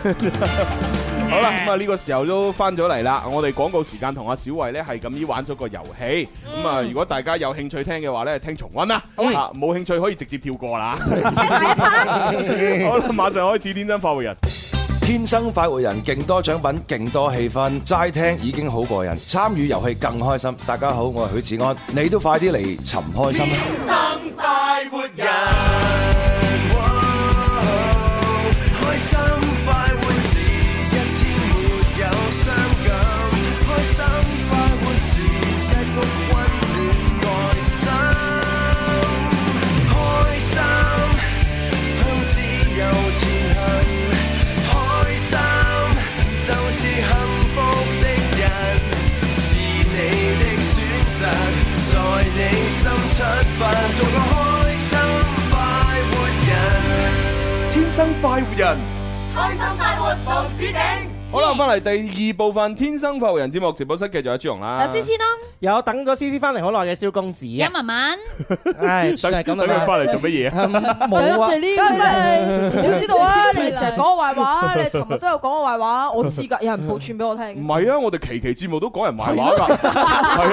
好啦，咁啊呢個時候都翻咗嚟啦，我哋廣告時間同阿小慧咧，係咁依玩咗個遊戲，咁啊如果大家有興趣聽嘅話咧，聽重温啦，好冇興趣可以直接跳過啦，好啦，馬上開始天真發回人。天生快活人，勁多獎品，勁多氣氛，齋聽已經好過癮，參與遊戲更開心。大家好，我係許志安，你都快啲嚟尋開心啦。心出發，做個開心快活人。天生快活人，開心快活無止境。好啦，翻嚟第二部分《天生發育人》節目直播室，繼續有朱紅啦，有思思啦，有等咗思思翻嚟好耐嘅蕭公子，啊，有文文，係、哎、等嚟咁翻嚟做乜嘢啊？冇啊， 呢個啦，你知道啊？你哋成日講我壞話，你哋尋日都有講我壞話，我知噶，有人報串俾我聽。唔係啊，我哋期期節目都講人壞話噶，係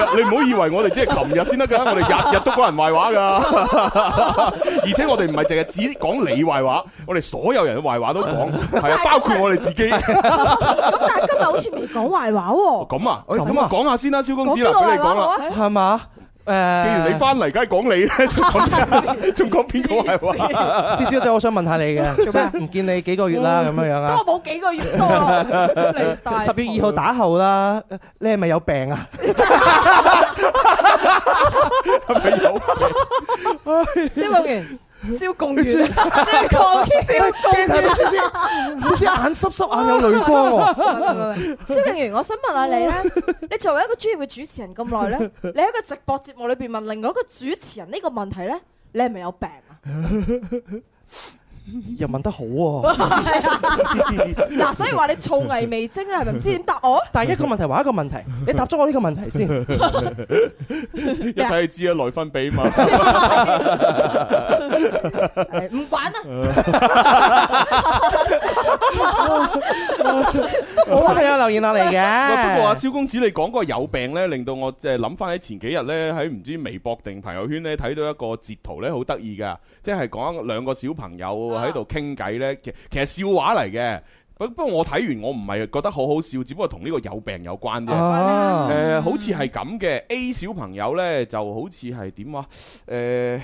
啊，你唔好以為我哋即係琴日先得噶，我哋日日都講人壞話噶， 而且我哋唔係淨係只講你壞話，我哋所有人嘅壞話都講，係 啊，包括我哋自己。 咁但係今日好似未講壞話喎。咁啊，咁啊，講下先啦，蕭公子啦，你講啦。係嘛？誒，既然你翻嚟，梗係講你啦。仲講邊個壞話？小小真係我想問下你嘅。做咩？唔見你幾個月啦，咁樣樣啊？都冇幾個月多啊，你大。十月二號打後啦，你係咪有病啊？未有。蕭總員。蕭敬源，蕭敬源，我想問下你呢？ 你作為一個專業嘅主持人咁耐呢？你喺個直播節目裏邊問另外一個主持人呢個問題呢？你係咪有病啊？咳扣又問得好喎、啊，嗱、 啊，所以話你醋藝未精咧，係咪唔知點答我？但係一個問題話一個問題，你答咗我呢個問題先，一睇就知啊，內分泌嘛，唔玩啊。好多朋友留言落嚟嘅。 不過阿、啊、蕭公子，你講嗰個有病咧，令到我即係諗翻喺前幾日咧，喺唔知微博定朋友圈咧，睇到一個截圖咧，好得意噶，即係講兩個小朋友。 喺度傾偈呢，其實笑話嚟嘅。不過我睇完，我唔係覺得好好笑，只不過同呢個有病有關啫。誒，好似係咁嘅。A 小朋友呢就好似係點話？誒、呃、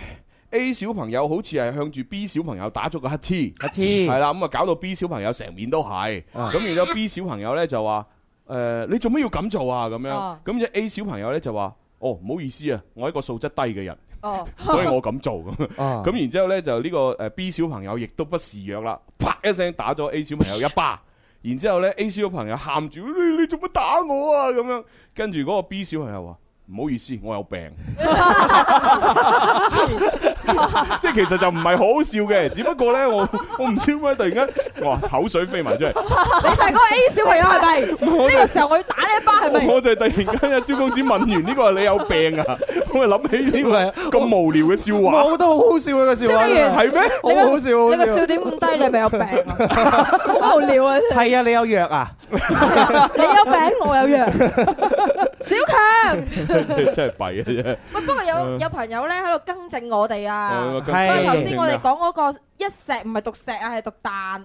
A 小朋友好似係向住 B 小朋友打咗個乞嗤。乞嗤係啦。咁啊、嗯，搞到 B 小朋友成面都係。咁、哦，然之後 B 小朋友呢就話：誒、呃，你做咩要咁做啊？咁樣咁，而、哦、A 小朋友呢就話：哦，唔好意思啊，我係一個素質低嘅人。Oh. 所以我咁做咁，咁、oh. 然之後咧就呢個誒 B 小朋友亦都不示弱啦，啪一聲打咗 A 小朋友一巴， 然之後咧 A 小朋友喊住你你做乜打我啊咁樣，跟住個 B 小朋友話。唔好意思，我有病，即係其實就唔係好好笑嘅，只不過咧，我我唔知點解突然間哇口水飛埋出嚟。你係嗰個 A 小朋友係咪？呢個時候我要打你一巴係咪？我就係突然間阿蕭公子問完呢個，你有病啊？我諗起呢個咁無聊嘅笑話。我覺得好好笑啊個笑話，係咩？好笑，你個笑點咁低，你係咪有病啊？好無聊啊！係啊，你有藥啊？你有病，我有藥。小強 真係弊嘅啫。喂， 不過有有朋友咧喺度更正我哋啊。係、哦。不過頭先我哋講嗰個一石唔係讀石啊，係讀擔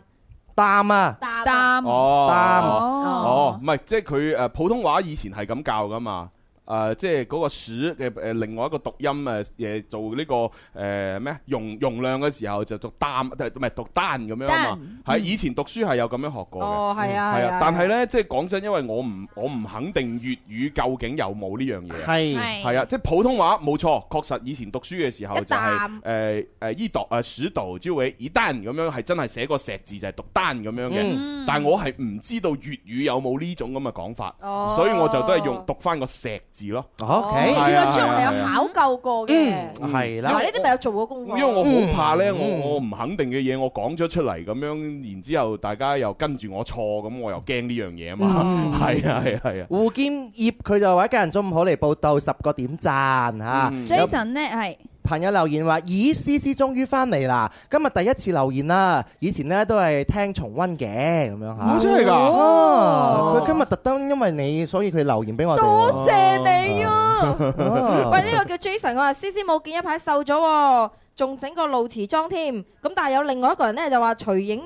擔啊。擔啊。啊啊哦。丹哦。唔係、哦哦，即係佢誒普通話以前係咁教噶嘛。啊，即係嗰個鼠嘅誒，另外一個讀音誒，誒做呢個誒咩？容容量嘅時候就讀單，唔係讀單咁樣啊嘛，係以前讀書係有咁樣學過嘅。哦，係啊，係啊。但係咧，即係講真，因為我唔我唔肯定粵語究竟有冇呢樣嘢。係係啊，即係普通話冇錯，確實以前讀書嘅時候就係誒誒依度誒鼠讀，即係會以單咁樣，係真係寫個石字就係讀單咁樣嘅。但係我係唔知道粵語有冇呢種咁嘅講法，所以我就都係用讀翻個石。事咯，原來張龍係有考究過嘅，係啦，因為呢啲咪有做過功課。因為我好怕咧，我我唔肯定嘅嘢我講咗出嚟咁樣，然之後大家又跟住我錯，咁我又驚呢樣嘢啊嘛，係啊係啊係啊。胡健業佢就話：今日中午好嚟報道十個點讚嚇。Jason 咧係。朋友留言話：，咦，C C 終於翻嚟啦！今日第一次留言啦，以前咧都係聽重溫嘅，咁樣吓。冇真係噶，佢、哦哦、今日特登因為你，所以佢留言俾我。多謝你啊！哦哦、喂，呢、這個叫 Jason，我話 C C 冇見一排瘦咗，仲整個露臍裝添。咁但係有另外一個人咧就話隨影，誒、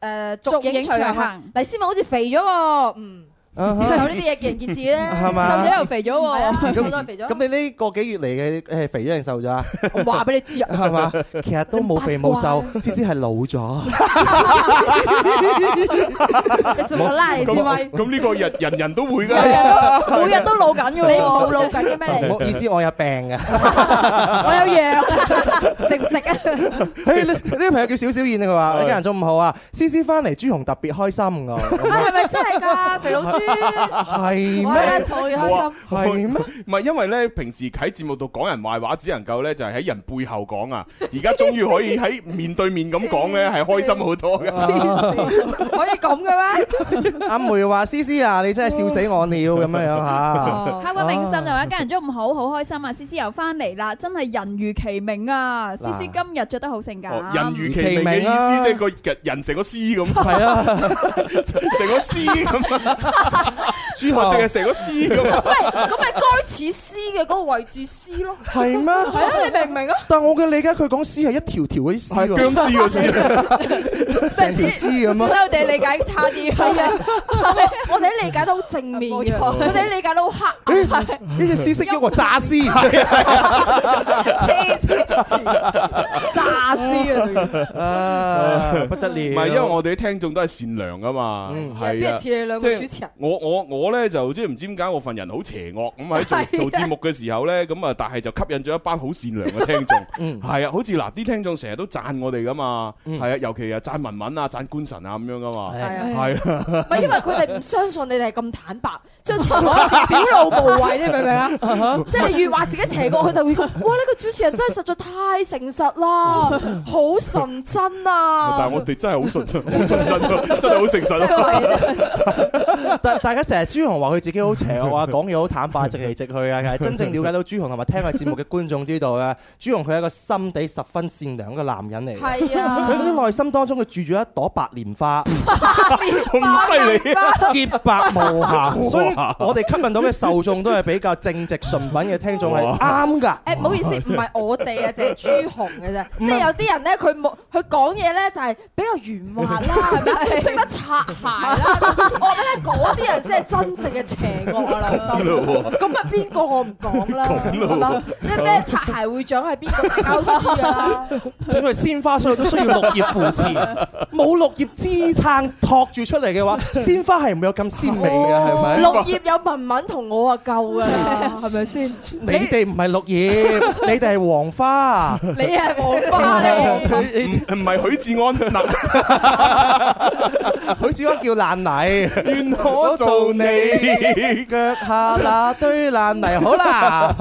呃，影隨行。行黎思文好似肥咗，嗯。其實有呢啲嘢見仁見智咧，甚至又肥咗，咁咁你呢個幾月嚟嘅誒肥咗定瘦咗啊？我話俾你知啊，係嘛，其實都冇肥冇瘦，思思係老咗。你仲拉住啲位？咁呢個人人人都會噶，每日都每日都老緊噶啦，老緊啲咩嚟？意思我有病噶，我有藥食唔食啊？誒，呢呢個朋友叫小小燕啊，佢話：，今日中午好啊，思思翻嚟，朱紅特別開心噶。係咪真係噶？肥佬豬？係咩？冇啊！係咩？唔係因為咧，平時喺節目度講人壞話，只能夠咧就係喺人背後講啊。而家終於可以喺面對面咁講咧，係開心好多嘅。可以咁嘅咩？阿梅話：，詩詩啊，你真係笑死我了！咁樣樣吓。敲個定心就話一家人都唔好，好開心啊！詩詩又翻嚟啦，真係人如其名啊！詩詩今日着得好性格，人如其名啊，即係個人成個詩咁。係啊，成個詩咁啊。朱華淨係成個屍咁，唔係咁咪該似屍嘅嗰個位置屍咯，係咩？係啊，你明唔明啊？但係我嘅理解，佢講屍係一條條嗰啲屍啊，僵屍啊，成條屍咁，所以我哋理解差啲，係啊，我哋理解都好正面，佢哋理解都好黑。呢隻屍識一個詐屍，詐屍啊！不得了，唔係因為我哋啲聽眾都係善良噶嘛，係邊似你兩個主持人？我我我咧就即係唔知點解我份人好邪惡咁，喺做做節目嘅時候咧咁啊，但係就吸引咗一班好善良嘅聽眾，係啊，好似嗱啲聽眾成日都讚我哋㗎嘛，係啊，尤其啊讚文文啊、讚官神啊咁樣㗎嘛，係啦，唔係因為佢哋唔相信你哋咁坦白，即係表露無遺，你明唔明啊？即係越話自己邪惡，佢就會覺，哇！呢個主持人真係實在太誠實啦，好純真啊！但係我哋真係好純真，好純真，真係好誠實咯。大家成日朱紅話佢自己好邪惡啊，講嘢好坦白，直嚟直去啊！真正了解到朱紅同埋聽佢節目嘅觀眾知道啊，朱紅佢係一個心地十分善良嘅男人嚟。係啊，佢嗰啲內心當中佢住住一朵白蓮花， 白犀利花，潔 白無瑕。 所以我哋吸引到嘅受眾都係比較正直純品嘅聽眾，係啱噶。誒，唔、欸、好意思，唔係哇我哋啊，淨係朱紅嘅啫。即係是有啲人咧，佢冇佢講嘢咧，就係比較圓滑啦，係咪？識是得擦鞋啦， 我哋咧講。啲人先係真正嘅邪惡啊！良心，咁啊邊個我唔講啦，係嘛？即係咩擦鞋會長係邊個？大家都知道啦。因為鮮花所以都需要綠葉扶持，冇綠葉支撐托住出嚟嘅話，鮮花係唔會有咁鮮美嘅，係咪？綠葉有文文同我啊夠嘅，係咪先？你哋唔係綠葉，你哋係黃花。你係黃花，你唔唔唔唔係許志安，許志安叫爛泥，做你腳下那堆爛泥，好啦，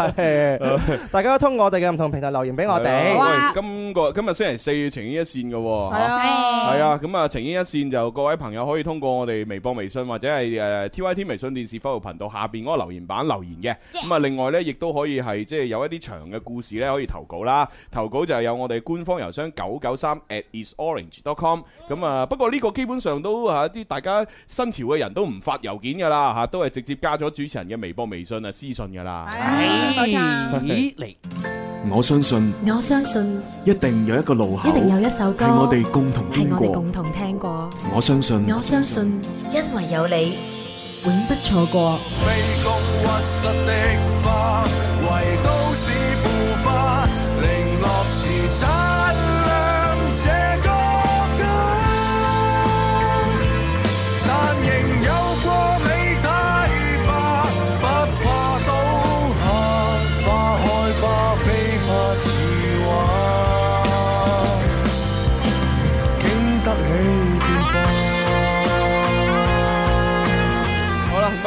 大家都通過我哋嘅唔同平台留言俾我哋。好啦，今個今日星期四情牽一線嘅喎，係啊，係啊，咁啊，情牽一線就各位朋友可以通過我哋微博、微信或者係誒 T Y T 微信電視服務頻道下邊嗰個留言板留言嘅。咁啊，另外咧亦都可以係即係有一啲長嘅故事咧可以投稿啦。投稿就係有我哋官方郵箱九九三 at is orange dot com。咁啊，不過呢個基本上都嚇啲大家新潮嘅人都唔發。郵件噶啦吓，都係直接加咗主持人嘅微博、微信啊私信噶啦。係多謝咦嚟，我相信我相信一定有一個路口，一定有一首歌係我哋共同聽過，係我哋共同聽過。我相信我相信因為有你，永不錯過。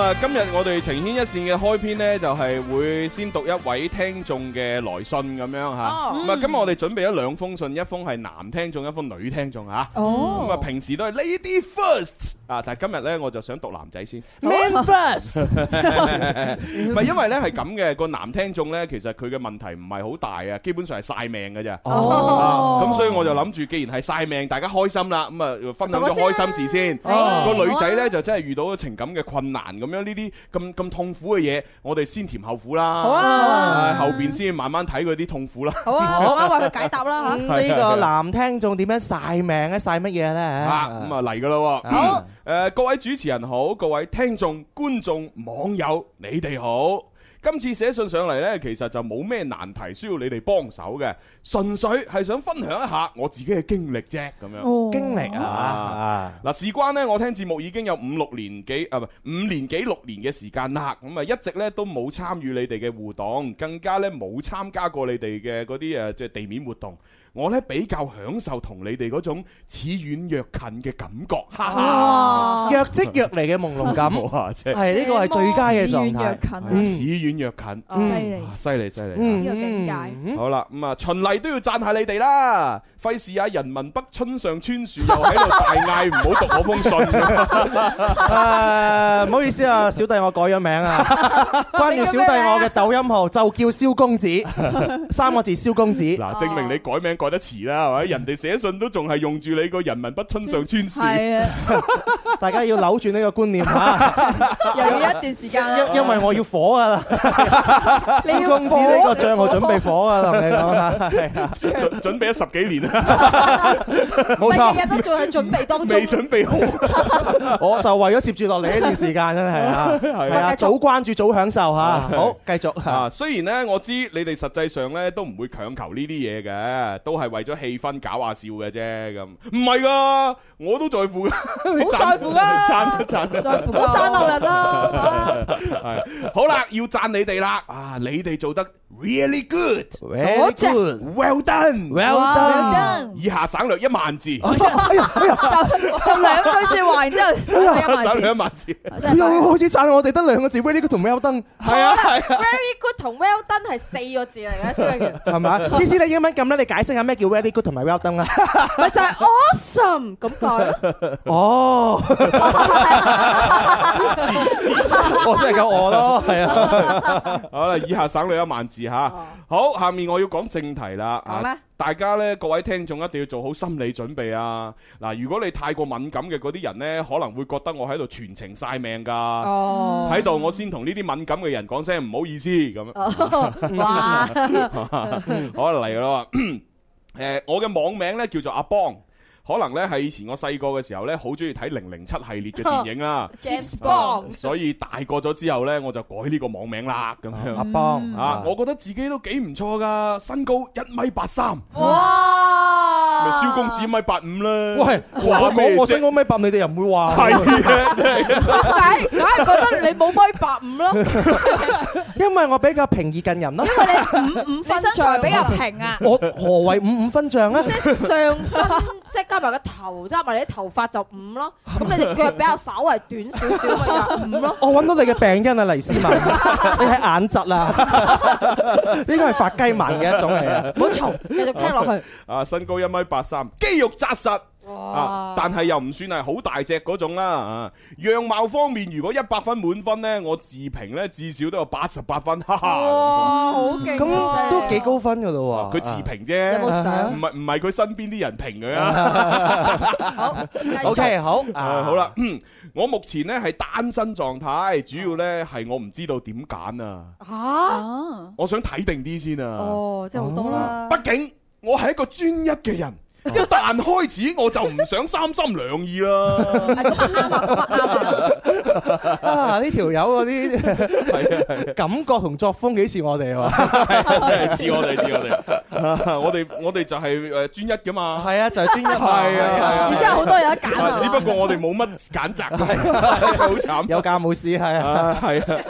啊，今日我哋晴天一線嘅開篇咧，就係會先讀一位聽眾嘅來信咁樣吓。咁啊，今日我哋準備咗兩封信，一封係男聽眾，一封女聽眾吓。哦。咁啊，平時都係 lady first 啊，但係今日咧，我就想讀男仔先，man first。唔係因為咧係咁嘅，個男聽眾咧，其實佢嘅問題唔係好大啊，基本上係晒命嘅啫。哦。咁所以我就諗住，既然係晒命，大家開心啦，咁啊，分享咗開心事先。哦。個女仔咧就真係遇到情感嘅困難咁。呢啲咁咁痛苦嘅嘢，我哋先甜後苦啦，好啊，啊後邊先慢慢睇佢啲痛苦啦。好啊，好啊，為佢解答啦吓。呢、 嗯這個男聽眾點樣晒命咧？晒乜嘢咧？吓咁啊嚟噶啦！啊、好誒、嗯呃，各位主持人好，各位聽眾、觀眾、網友，你哋好。今次寫信上嚟呢，其實就冇咩難題需要你哋幫手嘅，純粹係想分享一下我自己嘅經歷啫，咁樣、哦、經歷啊。嗱、啊啊，事關呢，我聽節目已經有五六年幾啊，唔係五年幾六年嘅時間啦，咁、嗯、啊一直呢都冇參與你哋嘅互動，更加呢冇參加過你哋嘅嗰啲誒即係地面活動。我咧比較享受同你哋嗰種似遠若近嘅感覺，哈哈，若即若離嘅朦朧感，係呢個係最佳嘅狀態，似遠若近，犀利，犀利，犀利，呢個境界。好啦，咁啊，循例都要讚下你哋啦，費事啊，人民北春上村樹又喺度大嗌唔好讀我封信。誒，唔好意思啊，小弟我改咗名啊，關於小弟我嘅抖音號就叫蕭公子三個字，蕭公子。嗱，證明你改名。覺得遲啦，係咪？人哋寫信都仲係用住你個人民不親上穿線。係啊，大家要扭轉呢個觀念啊，又要一段時間。因因為我要火噶啦，你要火呢個賬，我準備火噶，同你講啊，係啊，準備咗十幾年啊，冇錯，日日都仲喺準備當中，未準備好。我就為咗接住落嚟呢段時間真係啊，係啊，早關注早享受吓，好，繼續啊。雖然咧，我知你哋實際上咧都唔會強求呢啲嘢嘅，都係為咗氣氛搞下笑嘅啫，咁唔係噶，我都在乎嘅，好在乎嘅，讚一讚，在乎我讚我啦，得，好啦，要讚你哋啦，啊，你哋做得 really good，好正，well done，well done，以下省略一萬字，就就兩句説話，然之後省略一萬字，好似讚我哋得兩個字，really good 同 well done，係啊，very good 同 well done 係四個字嚟嘅，肖逸權，係嘛？黐線，你英文咁啦，你解釋下。咩叫 really good 同埋 well done 啊？咪就係 awesome 咁講哦，我真係夠餓咯，係啊。好啦，以下省略一萬字吓。好，下面我要講正題啦。好咧，大家咧各位聽眾一定要做好心理準備啊。嗱，如果你太過敏感嘅嗰啲人咧，可能會覺得我喺度全程晒命噶。哦，喺度我先同呢啲敏感嘅人講聲唔好意思咁。好啦，好嚟啦。誒，我嘅網名咧，叫做阿邦，可能咧係以前我細個嘅時候咧，好中意睇零零七系列嘅電影啦。James Bond，所以大個咗之後咧，我就改呢個網名啦。咁樣阿邦啊，我覺得自己都幾唔錯噶，身高一米八三。哇，蕭公子一米八五啦。喂，我我我身高一米八，你哋又唔會話係梗係覺得你冇米八五囉。因為我比較平易近人咯。因為你五五分像身材比較平啊，我平。我何為五五分像呢？即係上身，即係加埋個頭，加埋你啲頭髮就五咯。咁你隻腳比較稍微短少少，咪又五咯。我揾到你嘅病因啊，黎思文。 你係眼疾啦。呢個係發雞盲嘅一種嚟嘅。唔好嘈，繼續聽落去。啊，okay. 身高一米八三，肌肉紮實。啊！但係又唔算係好大隻嗰種啦。樣貌方面，如果一百分滿分呢，我自評呢至少都有八十八分。哇，好勁！咁都幾高分噶啦。佢自評啫，唔係唔係佢身邊啲人評佢啊。好，OK，好。好啦，我目前呢係單身狀態，主要呢係我唔知道點揀啊。吓，我想睇定啲先啊。哦，即係好多啦。畢竟我係一個專一嘅人。 一旦開始，我就唔想三心兩意啦。 啊，呢條友嗰啲感覺同作風幾似我哋 啊我我 我我嘛，真係似我哋，似我哋。我哋我哋就係誒專一噶嘛。係啊，就係、係、專一。係啊係啊。即係好多有得揀。只不過我哋冇乜揀擇，好慘。有價冇市，係啊係啊。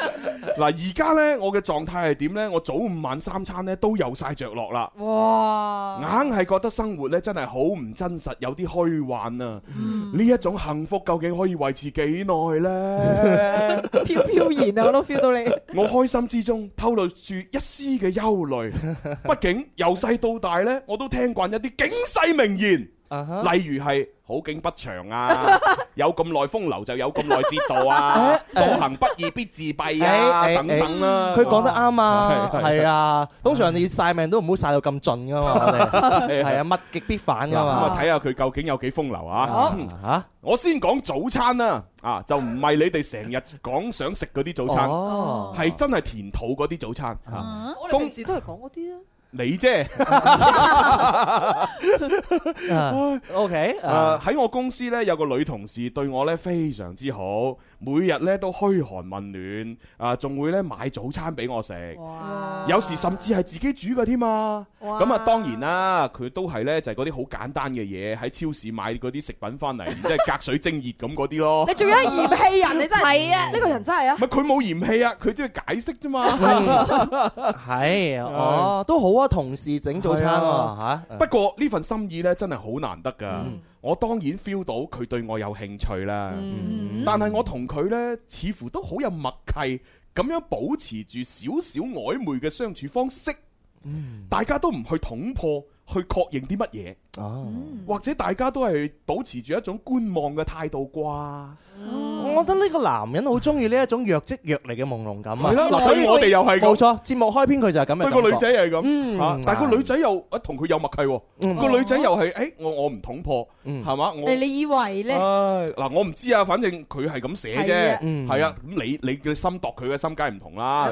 嗱而家咧，我嘅狀態係點咧？我早午晚三餐咧都有晒着落啦。哇！硬係覺得生活咧真係～好唔真實，有啲虛幻啊！呢、嗯、一種幸福究竟可以維持幾耐呢？ 飄飄然啊，我都 feel 到你。我開心之中透露住一絲嘅憂慮， 畢竟由細到大呢，我都聽慣一啲警世名言。例如係好景不長啊，有咁耐風流就有咁耐折墮啊，多行不義必自斃啊，等等啦，佢講得啱啊，係啊，通常你要晒命都唔好晒到咁盡噶嘛，係啊，物極必反噶嘛，咁睇下佢究竟有幾風流啊，吓，我先講早餐啦，啊，就唔係你哋成日講想食嗰啲早餐，係真係填肚嗰啲早餐，我平時都係講嗰啲啊。你啫，OK，誒喺我公司呢，有個女同事對我呢非常之好。每日咧都噓寒問暖，啊，仲會咧買早餐俾我食，哇有時甚至係自己煮噶添嘛。咁啊哇，當然啦，佢都係咧就係嗰啲好簡單嘅嘢，喺超市買嗰啲食品翻嚟，即係 隔水蒸熱咁嗰啲咯。你仲有嫌棄人！你真係係 啊！呢個人真係啊！唔係佢冇嫌棄 啊，佢即係解釋啫嘛。係哦，都好啊，同事整早餐啊嚇。啊啊啊不過呢 份心意咧，真係好難得噶。嗯我當然 feel 到佢對我有興趣啦，嗯、但係我同佢呢，似乎都好有默契，咁樣保持住少少曖昧嘅相處方式，嗯、大家都唔去捅破，去確認啲乜嘢，或者大家都係保持住一種觀望嘅態度啩？我覺得呢個男人好中意呢一種若即若離嘅朦朧感啊！所以我哋又係冇錯。節目開篇佢就係咁樣，對個女仔又係咁嚇，但個女仔又同佢有默契喎。個女仔又係誒，我我唔捅破，係嘛？你以為呢？嗱，我唔知啊，反正佢係咁寫啫，係啊。咁你你嘅心度佢嘅心梗係唔同啦，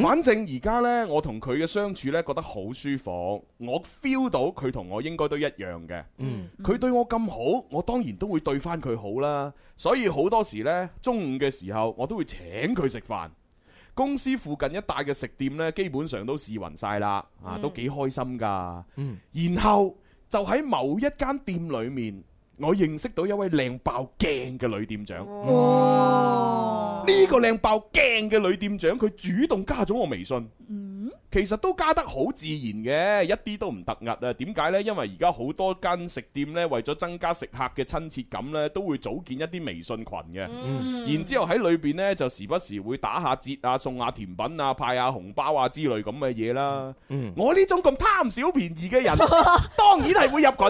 反正而家呢，我同佢嘅相處呢，覺得好舒服。我 feel 到佢同我應該都一樣嘅，佢、嗯嗯、對我咁好，我當然都會對翻佢好啦。所以好多時呢，中午嘅時候我都會請佢食飯。公司附近一帶嘅食店呢，基本上都試勻晒啦，啊，都幾開心㗎。嗯、然後就喺某一間店裏面，我認識到一位靚爆鏡嘅女店長。哇！呢個靚爆鏡嘅女店長，佢主動加咗我微信。嗯其實都加得好自然嘅，一啲都唔突兀啊！點解呢？因為而家好多間食店呢，為咗增加食客嘅親切感呢，都會組建一啲微信群嘅。嗯、然之後喺裏邊呢，就時不時會打下折啊，送下、啊、甜品啊，派下、啊、紅包啊之類咁嘅嘢啦。嗯、我呢種咁貪小便宜嘅人， 當然係會入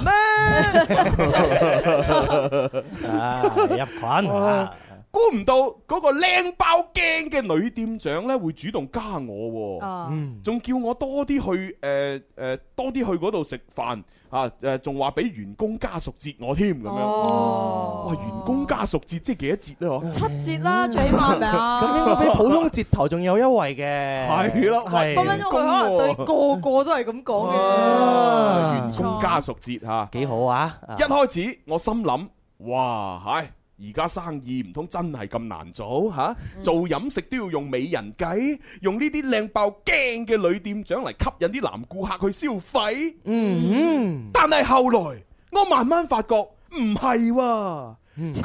群啦。 啊、入群、啊啊估唔到嗰個靚爆鏡嘅女店長呢，會主動加我喎，嗯，仲叫我多啲去誒誒多啲去嗰度食飯啊誒，仲話俾員工家屬折我添咁樣，哇！員工家屬折即係幾多折呢？七折啦，最起碼啊，咁應該比普通折頭仲有優惠嘅，係咯，分分鐘佢可能對個個都係咁講嘅，員工家屬折嚇幾好啊！一開始我心諗，哇，係。而家生意唔通真係咁難做嚇？啊嗯、做飲食都要用美人計，用呢啲靚爆鏡嘅女店長嚟吸引啲男顧客去消費。嗯，嗯，但係後來我慢慢發覺唔係喎，佢佢、啊嗯、似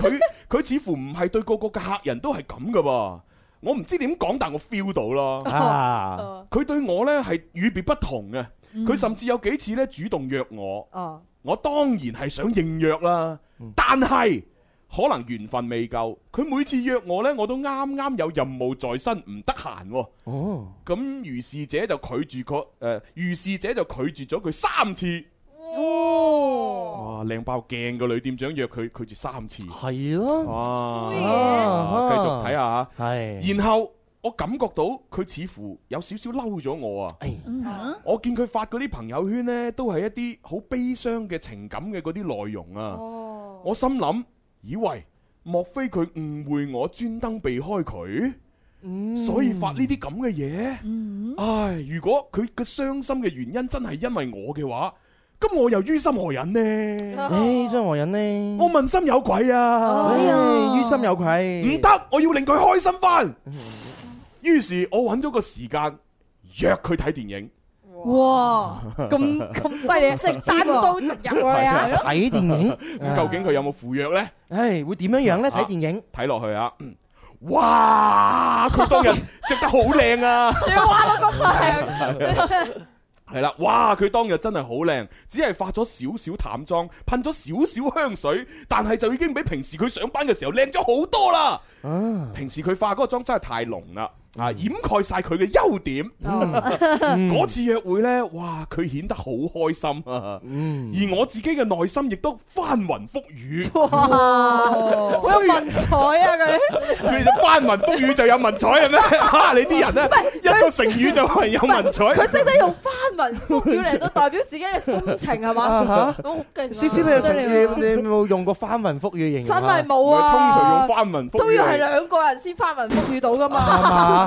乎唔係對個個嘅客人都係咁嘅噃。我唔知點講，但我 feel 到咯。佢、啊啊、對我呢係與別不同嘅。佢、嗯、甚至有幾次咧主動約我，啊、我當然係想應約啦，嗯、但係。可能緣分未夠，佢每次約我呢，我都啱啱有任務在身，唔得閒。哦，咁如是者就拒絕佢，誒如是者就拒絕咗佢三次。哦、哇，靚爆鏡個女店長約佢拒絕三次，係咯。哇，繼續睇下、啊、是然後我感覺到佢似乎有少少嬲咗我啊。嗯、哈我見佢發嗰啲朋友圈呢，都係一啲好悲傷嘅情感嘅嗰啲內容啊。我心諗。哦以為莫非佢誤會我專登避開佢，mm hmm. 所以發呢啲咁嘅嘢？Mm hmm. 唉，如果佢嘅傷心嘅原因真係因為我嘅話，咁我又於心何忍呢？唉、oh. 欸，於心何忍呢？我問心有愧啊！唉、oh. 欸，於心有愧，唔得，我要令佢開心翻。於 是我揾咗個時間約佢睇電影。哇，咁咁犀利，即係 單刀直入啊！睇 啊、電影， 究竟佢有冇赴約呢？唉、哎，會點樣樣呢？睇電影睇落、啊、去啊！哇，佢當日着得好靚啊！仲要畫到咁靚，係啦！哇，佢當，當日真係好靚，只係化咗少少淡妝，噴咗少少香水，但係就已經比平時佢上班嘅時候靚咗好多啦！ 平時佢化嗰個妝真係太濃啦。啊！掩蓋晒佢嘅優點，嗰次約會咧，哇！佢顯得好開心啊，而我自己嘅內心亦都翻雲覆雨。好有文采啊佢，翻雲覆雨就有文采係咩？吓，你啲人咧，一個成語就係有文采。佢識得用翻雲覆雨嚟到代表自己嘅心情係嘛？我好勁。詩詩你你你有冇用過翻雲覆雨形容啊？真係冇啊！通常用翻雲覆雨都要係兩個人先翻雲覆雨到噶嘛？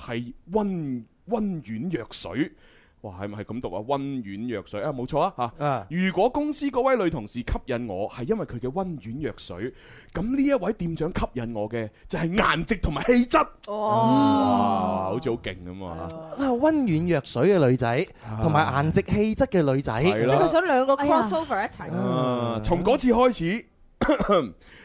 係溫溫婉若水，哇，係咪係咁讀啊？溫婉若水啊，冇錯啊嚇。Uh. 如果公司嗰位女同事吸引我，係因為佢嘅溫婉若水，咁呢一位店長吸引我嘅就係顏值同埋氣質。哦、哇，好似好勁咁啊！啊，溫婉若水嘅女仔同埋顏值氣質嘅女仔，即係佢想兩個 crossover 一齊。從嗰次開始。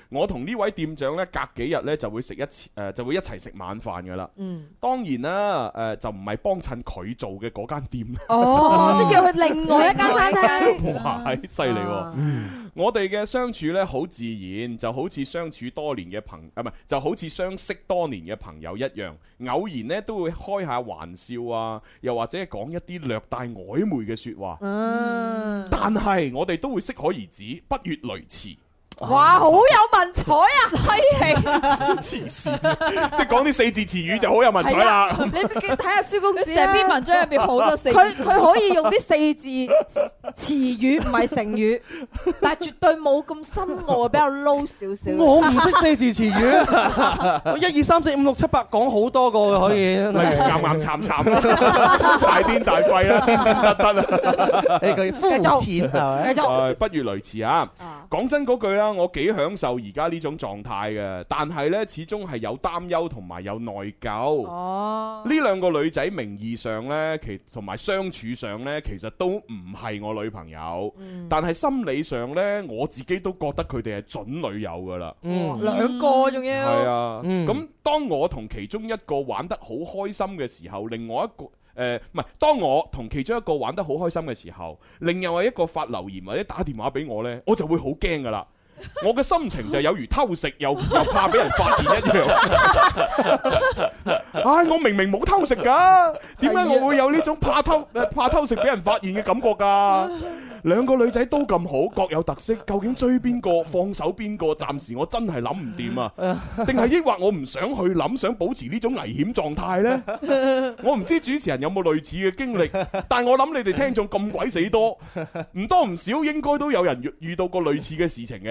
我同呢位店長咧，隔幾日咧就會食一次，誒就會一齊食，呃、晚飯噶啦。嗯，當然啦，誒、呃、就唔係幫襯佢做嘅嗰間店。哦， 即叫佢另外一間餐廳。 哇，係犀利！啊、我哋嘅相處咧好自然，就好似相處多年嘅朋，啊唔係就好似相識多年嘅朋友一樣，偶然咧都會開下玩笑啊，又或者講一啲略帶曖昧嘅說話。嗯，但係我哋都會適可而止，不越雷池。哇，好有文采啊！希奇，即係講啲四字詞語就好有文采啦。你睇下蕭公子啊，篇文章入邊好多四，佢佢可以用啲四字詞語，唔係成語，但係絕對冇咁深奧，比較 low 少少。我唔識四字詞語，一二三四五六七八，講好多個嘅可以，岩岩慘慘，大癲大貴啦，得得啦，你句，膚淺係咪？不如類似啊！講真嗰句咧。我幾享受而家呢種狀態嘅，但係呢始終係有擔憂同埋有內疚。哦、啊，呢兩個女仔名義上呢，其同埋相處上呢，其實都唔係我女朋友。嗯、但係心理上呢，我自己都覺得佢哋係準女友噶啦。嗯，哦、兩個仲要係啊。嗯，咁、嗯、當我同其中一個玩得好開心嘅時候，另外一個誒，唔、呃、係當我同其中一個玩得好開心嘅時候，另外一個發留言或者打電話俾我呢，我就會好驚噶啦。我嘅心情就有如偷食又又怕俾人發現一樣。唉、 哎，我明明冇偷食噶，點解我會有呢種怕偷誒怕偷食俾人發現嘅感覺噶？兩個女仔都咁好，各有特色，究竟追邊個放手邊個？暫時我真係諗唔掂啊！定係抑或我唔想去諗，想保持呢種危險狀態呢？ 我唔知主持人有冇類似嘅經歷，但係我諗你哋聽眾咁鬼死多，唔多唔少應該都有人遇到過類似嘅事情嘅。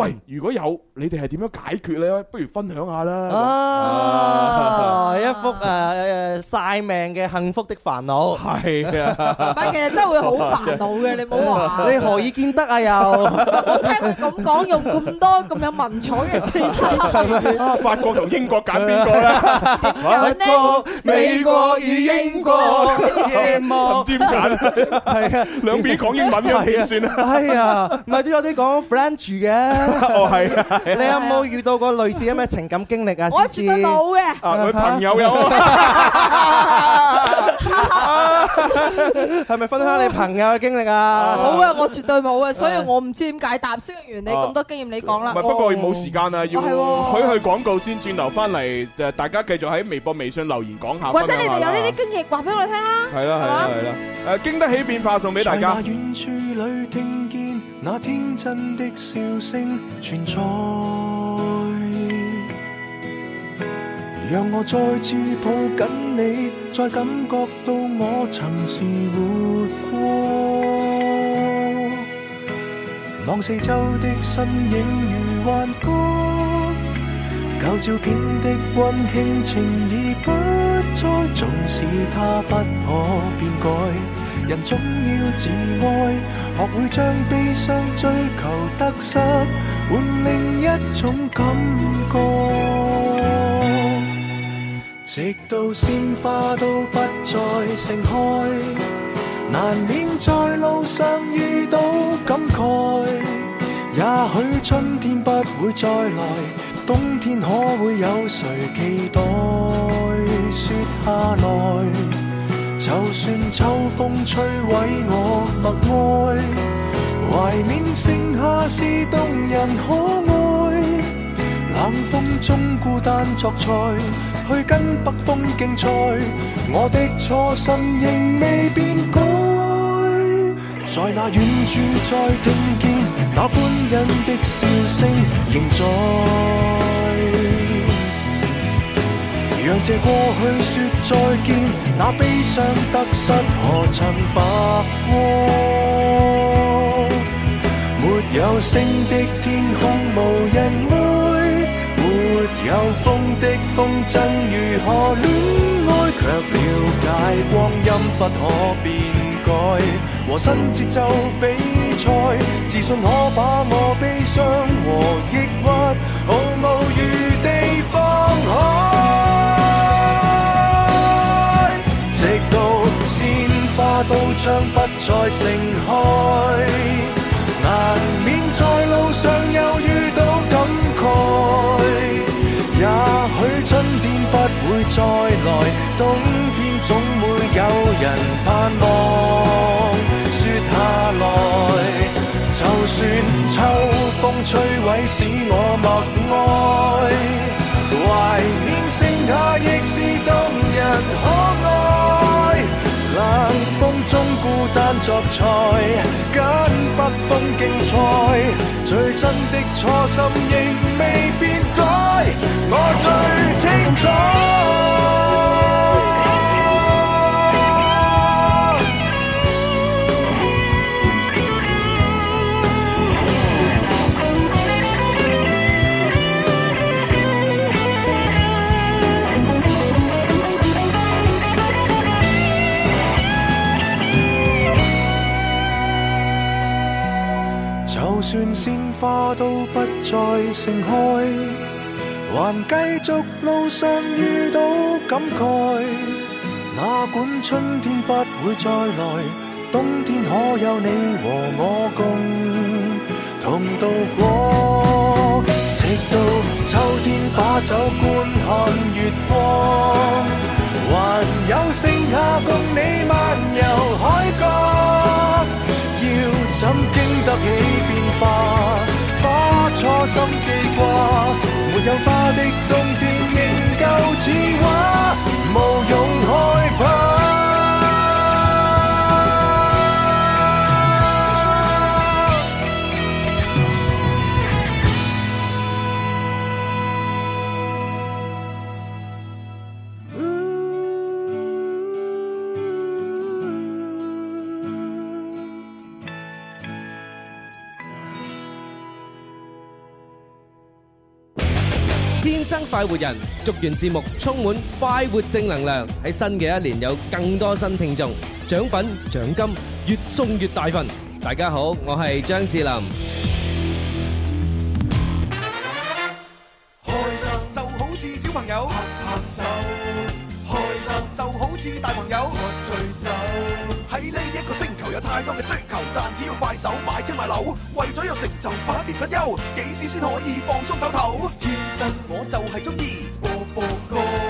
喂，如果有，你哋係點樣解決呢？不如分享下啦。一幅誒、uh, 曬命嘅幸福的煩惱，係啊， 但其實真係會好煩惱嘅你冇話，你何以見得啊？又我聽佢咁講，用咁多咁有文采嘅詞啊！法國同英國揀邊個咧？有咩美國與英國夜幕？唔知點揀啊？係啊，兩邊講英文咁點算啊？係唔係都有啲講 French 嘅。哦，係啊。你有冇遇到過類似咁嘅情感經歷啊？我絕對冇嘅。啊，佢朋友有啊。係咪分享你朋友嘅經歷啊？啊啊好啊，我絕對冇啊，啊所以我唔知點解答。銷售員，你咁多經驗，你講啦。唔係，不過冇時間啊，要佢去廣告先，轉頭翻嚟就大家繼續喺微博、微信留言講下，下。或者你哋有呢啲經驗，啊，話俾我哋聽啦。係啦係啦係啦，誒、啊，經得起變化，送俾大家。遠處裏聽見，那天真的笑聲存在。讓我再次抱緊你，再感覺到我曾是活過。望四周的身影如幻覺，舊照片的溫馨情意不再。縱使它不可變改，人總要自愛，學會將悲傷追求得失，換另一種感覺。直到鮮花都不再盛開，難免在路上遇到感慨。也許春天不會再來，冬天可會有誰期待雪下來？就算秋風吹毀我默哀，懷緬盛夏是動人可愛。冷風中孤單作菜。去跟北風競賽，我的初心仍未變改。在那遠處再聽見那歡欣的笑聲仍在。讓這過去説再見，那悲傷得失何曾白過？沒有星的天空，無人。有風的風箏如何戀愛，卻了解光陰不可變改。和新節奏比賽，自信可把我悲傷和抑鬱毫無餘地放開，直到鮮花都將不再盛開，難免在路上有雨。再來，冬天總會有人盼望雪下來。就算秋風吹毀，使我默哀，懷念盛夏亦是動人可愛。冷風中孤單作賽，跟北風競賽，最真的初心仍未變改，我最清楚。花都不再盛開，還繼續路上遇到感慨。哪管春天不會再來，冬天可有你和我共同度過？直到秋天把酒觀看月光，還有盛夏共你漫遊海角。怎經得起變化？把初心記掛，沒有花的冬天仍舊似畫，無用。快活人，祝願節目充滿快活正能量，喺新嘅一年有更多新聽眾，獎品獎金越送越大份。大家好，我係張智霖。開心就好似小朋友拍拍手，開心就好似大朋友喝醉酒，喺呢一個。有太多嘅追求，賺錢要快手，買車買樓，為咗有成就，百變不休，幾時先可以放鬆唞唞？天生我就係中意播放歌。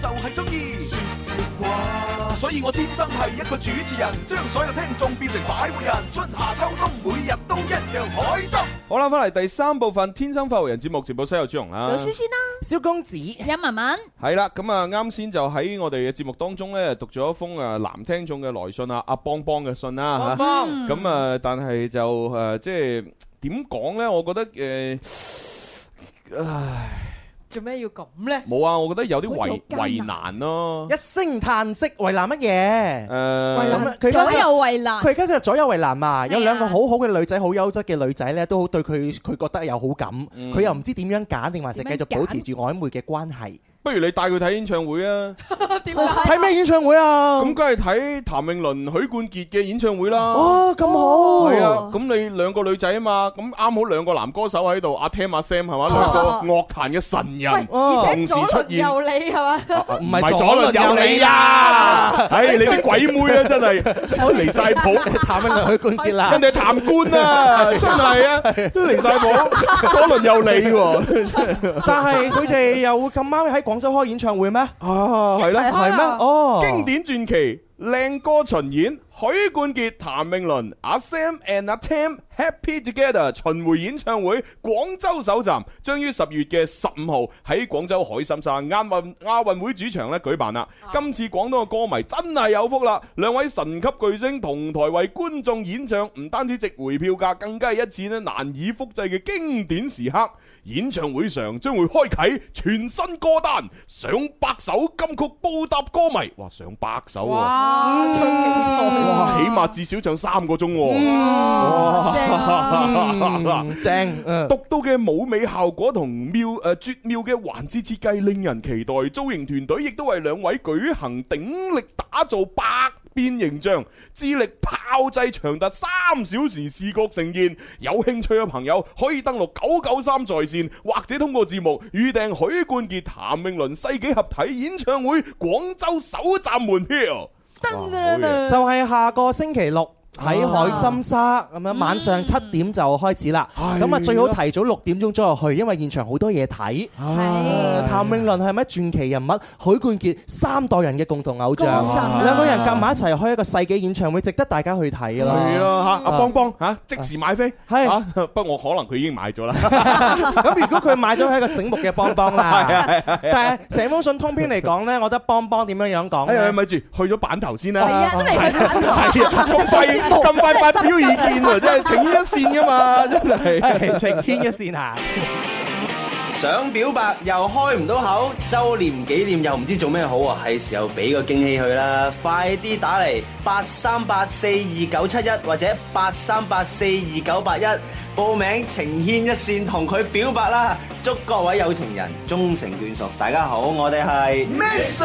就係中意說笑話，所以我天生係一個主持人，將所有聽眾變成擺渡人。春夏秋冬，每日都一樣開心。好啦，翻嚟第三部分《天生擺渡人節目》節目直播室有朱紅啦。老師先啦、啊，小公子、尹文文。係啦，咁啊，啱先就喺我哋嘅節目當中呢，讀咗一封啊男聽眾嘅來信啊，阿邦邦嘅信啦。阿邦幫。咁啊，嗯、但係就誒、呃，即係點講呢？我覺得誒、呃，唉。做咩要咁呢？冇啊，我覺得有啲為難、啊、為難咯、啊。一聲嘆息，為難乜嘢？誒、呃，為難佢而家為難佢而家佢左右為難嘛？左右為難。有兩個好好嘅女仔，好優質嘅女仔呢，都好對佢，佢覺得有好感，佢、嗯、又唔知點樣揀，定還是繼續保持住曖昧嘅關係。不如你帶佢睇演唱會啊？睇咩演唱會啊？咁梗係睇譚詠麟、許冠傑嘅演唱會啦。哦，咁好。係啊。咁你兩個女仔啊嘛，咁啱好兩個男歌手喺度，阿 Tam 阿 Sam 係嘛，兩個樂壇嘅神人，同時出現。唔係左輪由你係嘛？唔係左輪右你啊！唉，你啲鬼妹啊，真係都離晒譜。譚詠麟、許冠傑啦，人哋係譚官啊，真係啊，都離晒譜。左輪右你喎。但係佢哋又會咁啱喺。廣州開演唱會咩？啊、哦，係咩？哦，經典傳奇靚歌巡演，許冠傑、譚詠麟、阿 Sam and 阿 Tam Happy Together 巡回演唱會廣州首站，將於十月嘅十五號喺廣州海心沙亞運亞運會主場咧舉辦啦。今次廣東嘅歌迷真係有福啦，兩位神級巨星同台為觀眾演唱，唔單止值回票價，更加係一次咧難以複製嘅經典時刻。演唱會上將會開啟全新歌單，上百首金曲報答歌迷。哇，上百首喎！哇，起碼至少唱三個鐘。哇，正正，讀到嘅舞美效果同妙誒絕妙嘅環節設計令人期待。造型團隊亦都為兩位舉行鼎力打造百。變形象，智力炮製長達三小時視覺盛宴。有興趣嘅朋友可以登錄九九三在線，或者通過節目預訂許冠傑、譚詠麟世紀合體演唱會廣州首站門票。得啦，就係下個星期六。喺海心沙咁樣，晚上七點就開始啦。咁啊，最好提早六點鐘左右去，因為現場好多嘢睇。譚詠麟係咪傳奇人物？許冠傑三代人嘅共同偶像，兩個人夾埋一齊開一個世紀演唱會，值得大家去睇啦。係咯，嚇邦邦嚇，即時買飛。係，不過我可能佢已經買咗啦。咁如果佢買咗，係一個醒目嘅邦邦啦。但係成封信通篇嚟講咧，我覺得邦邦點樣樣講？哎呀咪住，去咗板頭先啦。係啊，都未去板頭。咁快發表意見啊！真係情牽一線噶嘛，真係情牽一線啊！想表白又開唔到口，周年紀念又唔知做咩好啊！係時候俾個驚喜佢啦，快啲打嚟八三八四二九七一或者八三八四二九八一報名情牽一線，同佢表白啦！祝各位有情人終成眷屬！大家好，我哋係 Mr。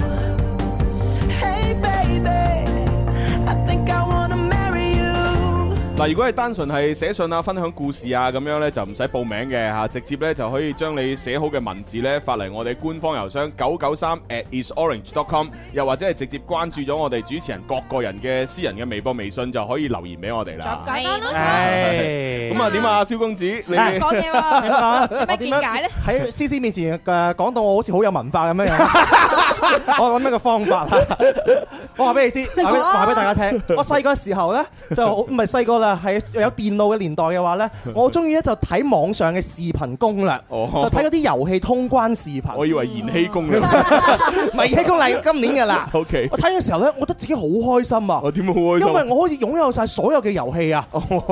嗱，如果係單純係寫信啊、分享故事啊咁樣咧，就唔使報名嘅嚇，直接咧就可以將你寫好嘅文字咧發嚟我哋官方郵箱九九三 at isorange.com，又或者係直接關注咗我哋主持人各個人嘅私人嘅微博微信，就可以留言俾我哋啦。作解多謝。咁啊點啊，超公子，你講嘢喎，點解？點解咧？喺思思面前誒講到我好似好有文化咁樣樣。我諗一個方法我話俾你知，話俾大家聽。我細個時候咧，就唔係細個啦。係有電腦嘅年代嘅話呢，我中意咧就睇網上嘅視頻攻略，就睇嗰啲遊戲通關視頻。我以為延禧攻略，唔係延禧攻略，今年嘅啦。O K，我睇嘅時候呢，我覺得自己好開心啊！點因為我可以擁有晒所有嘅遊戲啊！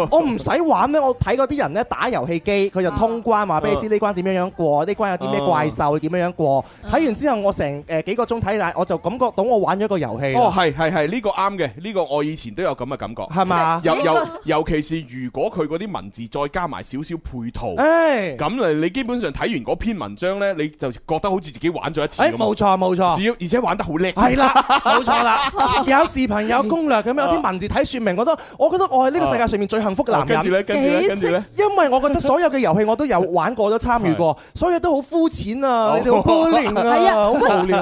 我唔使玩咧，我睇嗰啲人呢打遊戲機，佢就通關，話俾你知呢關點樣樣過，呢關有啲咩怪獸點樣樣過。睇完之後，我成誒幾個鐘睇晒，我就感覺到我玩咗個遊戲。哦，係係係，呢個啱嘅，呢個我以前都有咁嘅感覺，係嘛？有有。尤其是如果佢嗰啲文字再加埋少少配套，誒，咁你基本上睇完嗰篇文章呢，你就覺得好似自己玩咗一次咁。冇錯冇錯，主要而且玩得好叻。係啦，冇錯啦，有視頻有攻略咁樣，有啲文字睇説明。我都，我覺得我係呢個世界上面最幸福嘅男人。跟住呢？因為我覺得所有嘅遊戲我都有玩過，都參與過，所以都好膚淺啊，好無聊啊，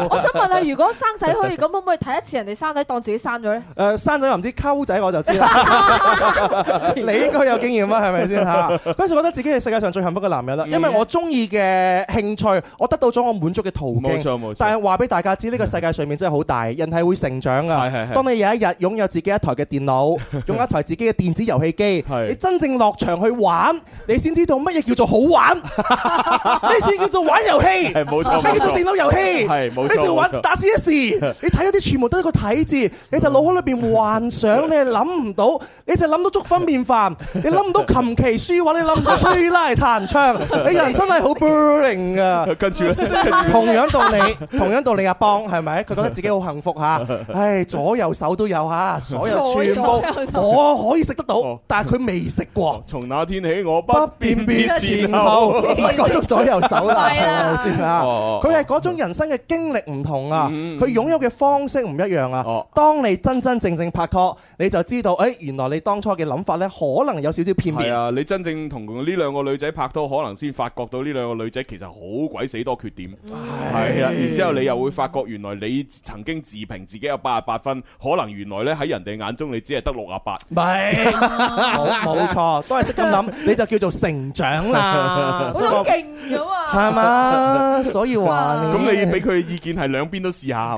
我想問下，如果生仔可以咁，可唔可以睇一次人哋生仔，當自己生咗呢？誒，生仔又唔知溝仔我就知啦。你應該有經驗啦，係咪先吓？嗰時覺得自己係世界上最幸福嘅男人啦，因為我中意嘅興趣，我得到咗我滿足嘅途徑。冇錯，冇錯。但係話俾大家知，呢個世界上面真係好大，人體會成長噶。係當你有一日擁有自己一台嘅電腦，用一台自己嘅電子遊戲機，你真正落場去玩，你先知道乜嘢叫做好玩，咩先叫做玩遊戲，係冇錯，咩叫做電腦遊戲，係冇錯，咩叫做打 CS，你睇一啲全部都係個睇字，你就腦海裏邊幻想，你諗唔到，你就諗到。粉麵飯，你諗到琴棋書畫，你諗到吹拉彈唱，你人生係好 burning 噶。 跟住同樣道理，同樣道理，阿邦係咪？佢覺得自己好幸福嚇，唉，左右手都有嚇，所有全部我可以食得到，但係佢未食過。從那天起，我不辨別前後，嗰後、啊、種左右手啦，係咪先啊？佢係嗰種人生嘅經歷唔同啊，佢擁有嘅方式唔一樣啊。當你真真正，正正拍拖，你就知道，誒、哎，原來你當初嘅諗法咧，可能有少少片面。係啊，你真正同呢兩個女仔拍拖，可能先發覺到呢兩個女仔其實好鬼死多缺點。係、嗯、啊，然之後你又會發覺，原來你曾經自評自己有八十八分，可能原來咧喺人哋眼中你只係得六啊八。唔係是，冇錯， 都係識咁諗，你就叫做成長啦。好勁噶嘛？係嘛？ 所以話咁， 你俾佢嘅意見係兩邊都試下。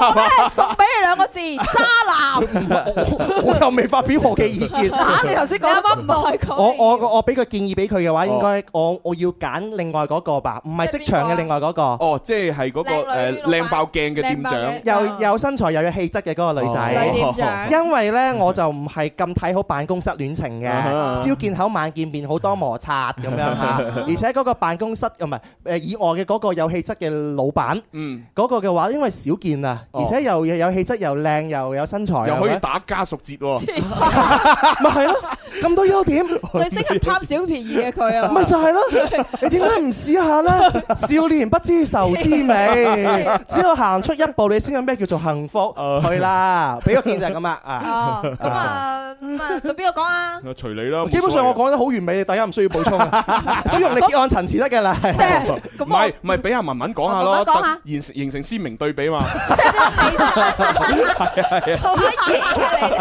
我咧送俾你兩個字：渣男。 我又未發表我嘅意見嚇，你頭先講乜唔愛佢。我我我俾個建議俾佢嘅話，應該我我要揀另外嗰個吧，唔係職場嘅另外嗰個。哦，即係係嗰個誒靚爆鏡嘅店長，又有身材又有氣質嘅嗰個女仔。女店長，因為呢，我就唔係咁睇好辦公室戀情嘅，朝見口晚見面，好多摩擦咁樣嚇。而且嗰個辦公室唔係以外嘅嗰個有氣質嘅老闆，嗯，嗰個嘅話因為少見啊，而且又有氣質又靚又有身材，又可以打交熟節喎，咪係咯，咁多優點，最適合貪小便宜嘅佢啊，咪就係咯，你點解唔試下咧？少年不知愁滋味，只有行出一步，你先有咩叫做幸福？去啦，俾個建議就係咁啦。咁啊，咁啊，同邊個講啊？隨你啦。基本上我講得好完美，大家唔需要補充，只用嚟結案陳詞得嘅啦。咁唔係唔係，俾阿文文講下咯，形成形成鮮明對比嘛。做乜嘢嚟？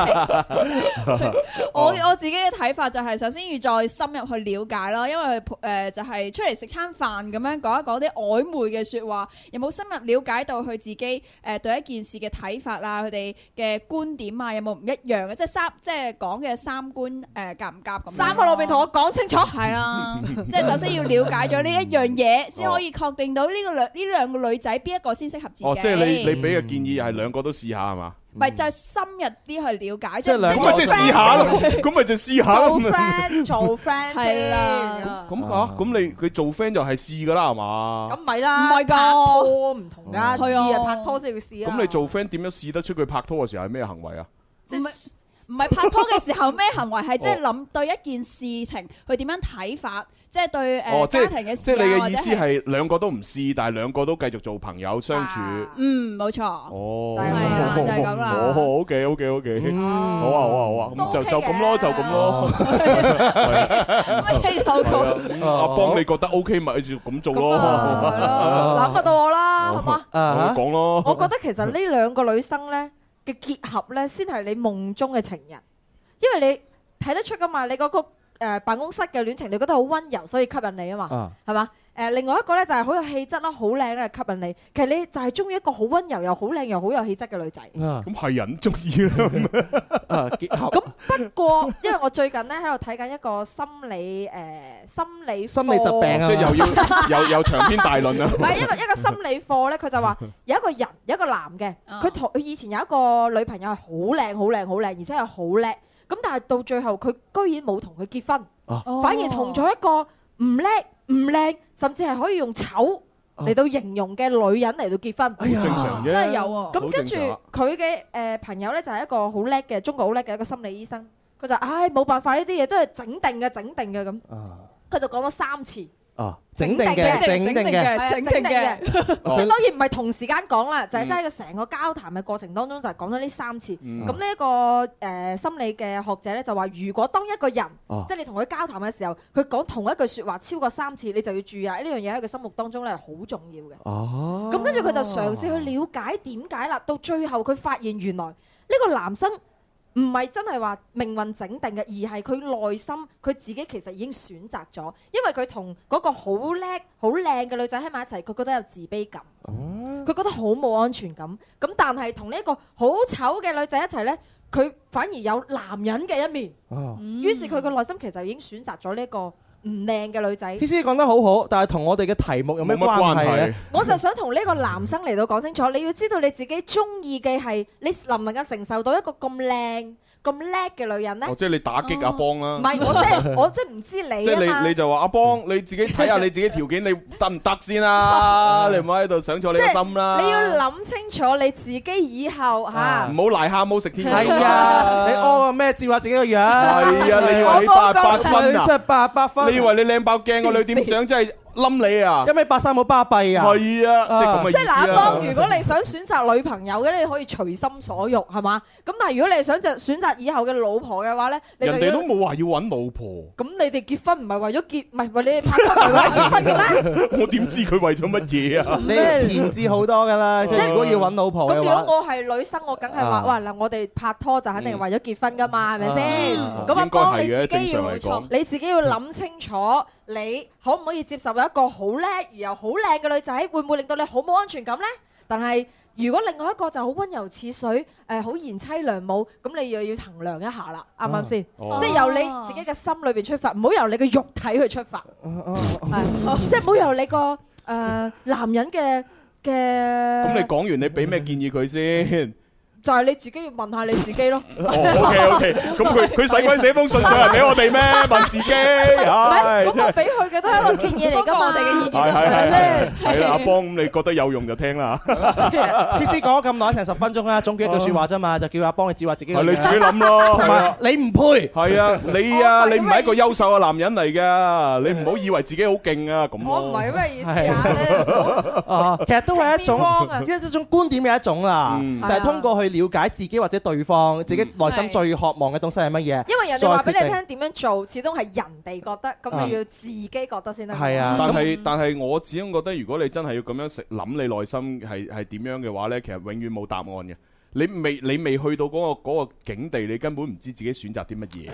我我自己嘅睇法就係，首先要再深入去了解咯，因為誒、呃、就係、是、出嚟食餐飯咁樣講一講啲曖昧嘅說話，有冇深入了解到佢自己誒、呃、對一件事嘅睇法啊？佢哋嘅觀點啊，有冇唔一樣嘅？即係三即係講嘅三觀誒夾唔夾咁？呃、合合三個裏面同我講清楚，係 啊，即係首先要了解咗呢一樣嘢，先、 嗯、可以確定到呢、這個兩呢兩個女仔邊一個先適合自己。哦、即係你你俾嘅建議係兩個都試下係嘛？唔係，就深入啲去了解，即係你做 friend 咁咪即係試下咯，咁咪就試下咯。做 friend 做 friend 係啦，咁啊，咁你佢做 friend 就係試噶啦，係嘛？咁咪啦，唔係噶拍拖唔同噶，試啊，拍拖先要試啊。咁你做 friend 點樣試得出佢拍拖嘅時候係咩行為啊？即係唔係拍拖嘅時候咩行為？係即係諗，對一件事情佢點樣睇法？即係對誒家庭嘅即係，你嘅意思係兩個都唔試，但係兩個都繼續做朋友相處。嗯，冇錯。哦，就係啊，就係咁啊。哦，好嘅，好嘅，好嘅。好啊，好啊，好啊。咁就就咁咯，就咁咯。阿邦，你覺得 OK 咪就咁做咯？諗過到我啦，係嘛？講咯。我覺得其實呢兩個女生咧嘅結合咧，先係你夢中嘅情人，因為你睇得出噶嘛，你嗰個。誒、呃、辦公室嘅戀情，你覺得好溫柔，所以吸引你啊嘛，係嘛、啊？誒、呃，另外一個咧就係、是、好有氣質啦，好靚啦，吸引你。其實你就係中意一個好溫柔又好靚又好有氣質嘅女仔。咁係人中意啊，結合。咁不過，因為我最近咧喺度睇緊一個心理誒、呃、心理心理疾病啊，即係又有又長篇大論啊。唔係 一個一個心理課咧，佢就話有一個人，有一個男嘅，佢同以前有一個女朋友係好靚、好靚、好靚，而且係好叻。咁但係到最後，佢居然冇同佢結婚，啊、反而同咗一個唔叻、唔靚，甚至係可以用醜嚟到形容嘅女人嚟到結婚。哎、呀真係有喎、啊。咁跟住佢嘅誒朋友呢，就係一個好叻嘅中國好叻嘅一個心理醫生，佢就唉冇、哎、辦法呢啲嘢都係整定嘅，整定嘅咁。佢就講咗三次。哦，整定嘅，整定嘅，整定嘅，咁當然唔係同時間講啦，就係即係個成個交談嘅過程當中就係講咗呢三次。咁呢一個誒、呃、心理嘅學者咧就話，如果當一個人，即係、哦、你同佢交談嘅時候，佢講同一句説話超過三次，你就要注意啦，呢樣嘢喺佢心目當中咧係好重要嘅。哦，咁跟住佢就嘗試去了解點解啦。到最後佢發現原來呢個男生。唔係真係話命運整定嘅，而係佢內心佢自己其實已經選擇咗，因為佢同嗰個好叻好靚嘅女仔喺埋一齊，佢覺得有自卑感，佢、啊、覺得好冇安全感。咁但係同呢一個好醜嘅女仔一齊呢，佢反而有男人嘅一面。啊、於是佢嘅內心其實已經選擇咗呢一個。唔靚嘅女仔，意思講得好好，但係同我哋嘅題目有咩關係？ 我就想同呢個男生嚟到講清楚，你要知道你自己中意嘅係你能唔能夠承受到一個咁靚、咁叻嘅女人呢？哦，即係你打擊阿邦啦、啊？唔係、哦，我即係我即係唔知你即係你你就話阿邦，你自己睇下你自己條件，你得唔得先啦？ 你唔好喺度想咗你個心啦、啊！ 你要諗清楚你自己以後吓，唔好癩蛤蟆食天。係啊，你哦，咩照下自己個樣？係啊，你要、啊。為 你八八分即係八八分。我以為你靚爆鏡個女店長，真係。冧你啊！一米八三好巴閉啊！係啊，即嗱，阿邦，如果你想選擇女朋友嘅，你可以隨心所欲，係嘛？咁但係如果你係想就選擇以後嘅老婆嘅話咧，你哋都冇話要揾老婆。咁你哋結婚唔係為咗結，唔係為你哋拍拖嚟㗎，結婚嘅咩？我點知佢為咗乜嘢啊？你前置好多㗎啦，即係如果要揾老婆。咁如果我係女生，我梗係話，哇！嗱，我哋拍拖就肯定為咗結婚㗎嘛，係咪先？咁阿邦你自己要，你自己要諗清楚。你可唔可以接受一個好叻而又好靚嘅女仔？會唔會令到你好冇安全感呢？但係如果另外一個就好温柔似水，誒好賢妻良母，咁你又要衡量一下啦，啱啱先？啊哦、即係由你自己嘅心裏邊出發，唔好由你嘅肉體去出發，即係唔好由你、個誒、呃、男人嘅嘅。咁 你講完，你俾咩建議佢先？就係你自己要問下你自己咯。O K O K，咁佢佢使鬼寫封信上嚟俾我哋咩？問自己。唔係，我俾佢嘅都係建議嚟噶嘛。我哋嘅意見啫。係係係。阿邦，你覺得有用就聽啦。黐線講咗咁耐，成十分鐘啦，總結一句説話啫嘛，就叫阿邦去指話自己。你自己諗咯。同埋你唔配。係啊，你啊，你唔係一個優秀嘅男人嚟噶，你唔好以為自己好勁啊咁咯。我唔係咩意思啊。啊，其實都係一種一一種觀點嘅一種啦，就係通過去了解自己或者對方，嗯、自己內心最渴望嘅東西係乜嘢？因為人哋話俾你聽點樣做，始終係人哋覺得，咁、啊、你要自己覺得先得。係啊，但係但係我始終覺得，如果你真係要咁樣食諗，你內心係係點樣嘅話呢，其實永遠冇答案嘅。你未你未去到嗰個嗰個境地，你根本唔知自己選擇啲乜嘢。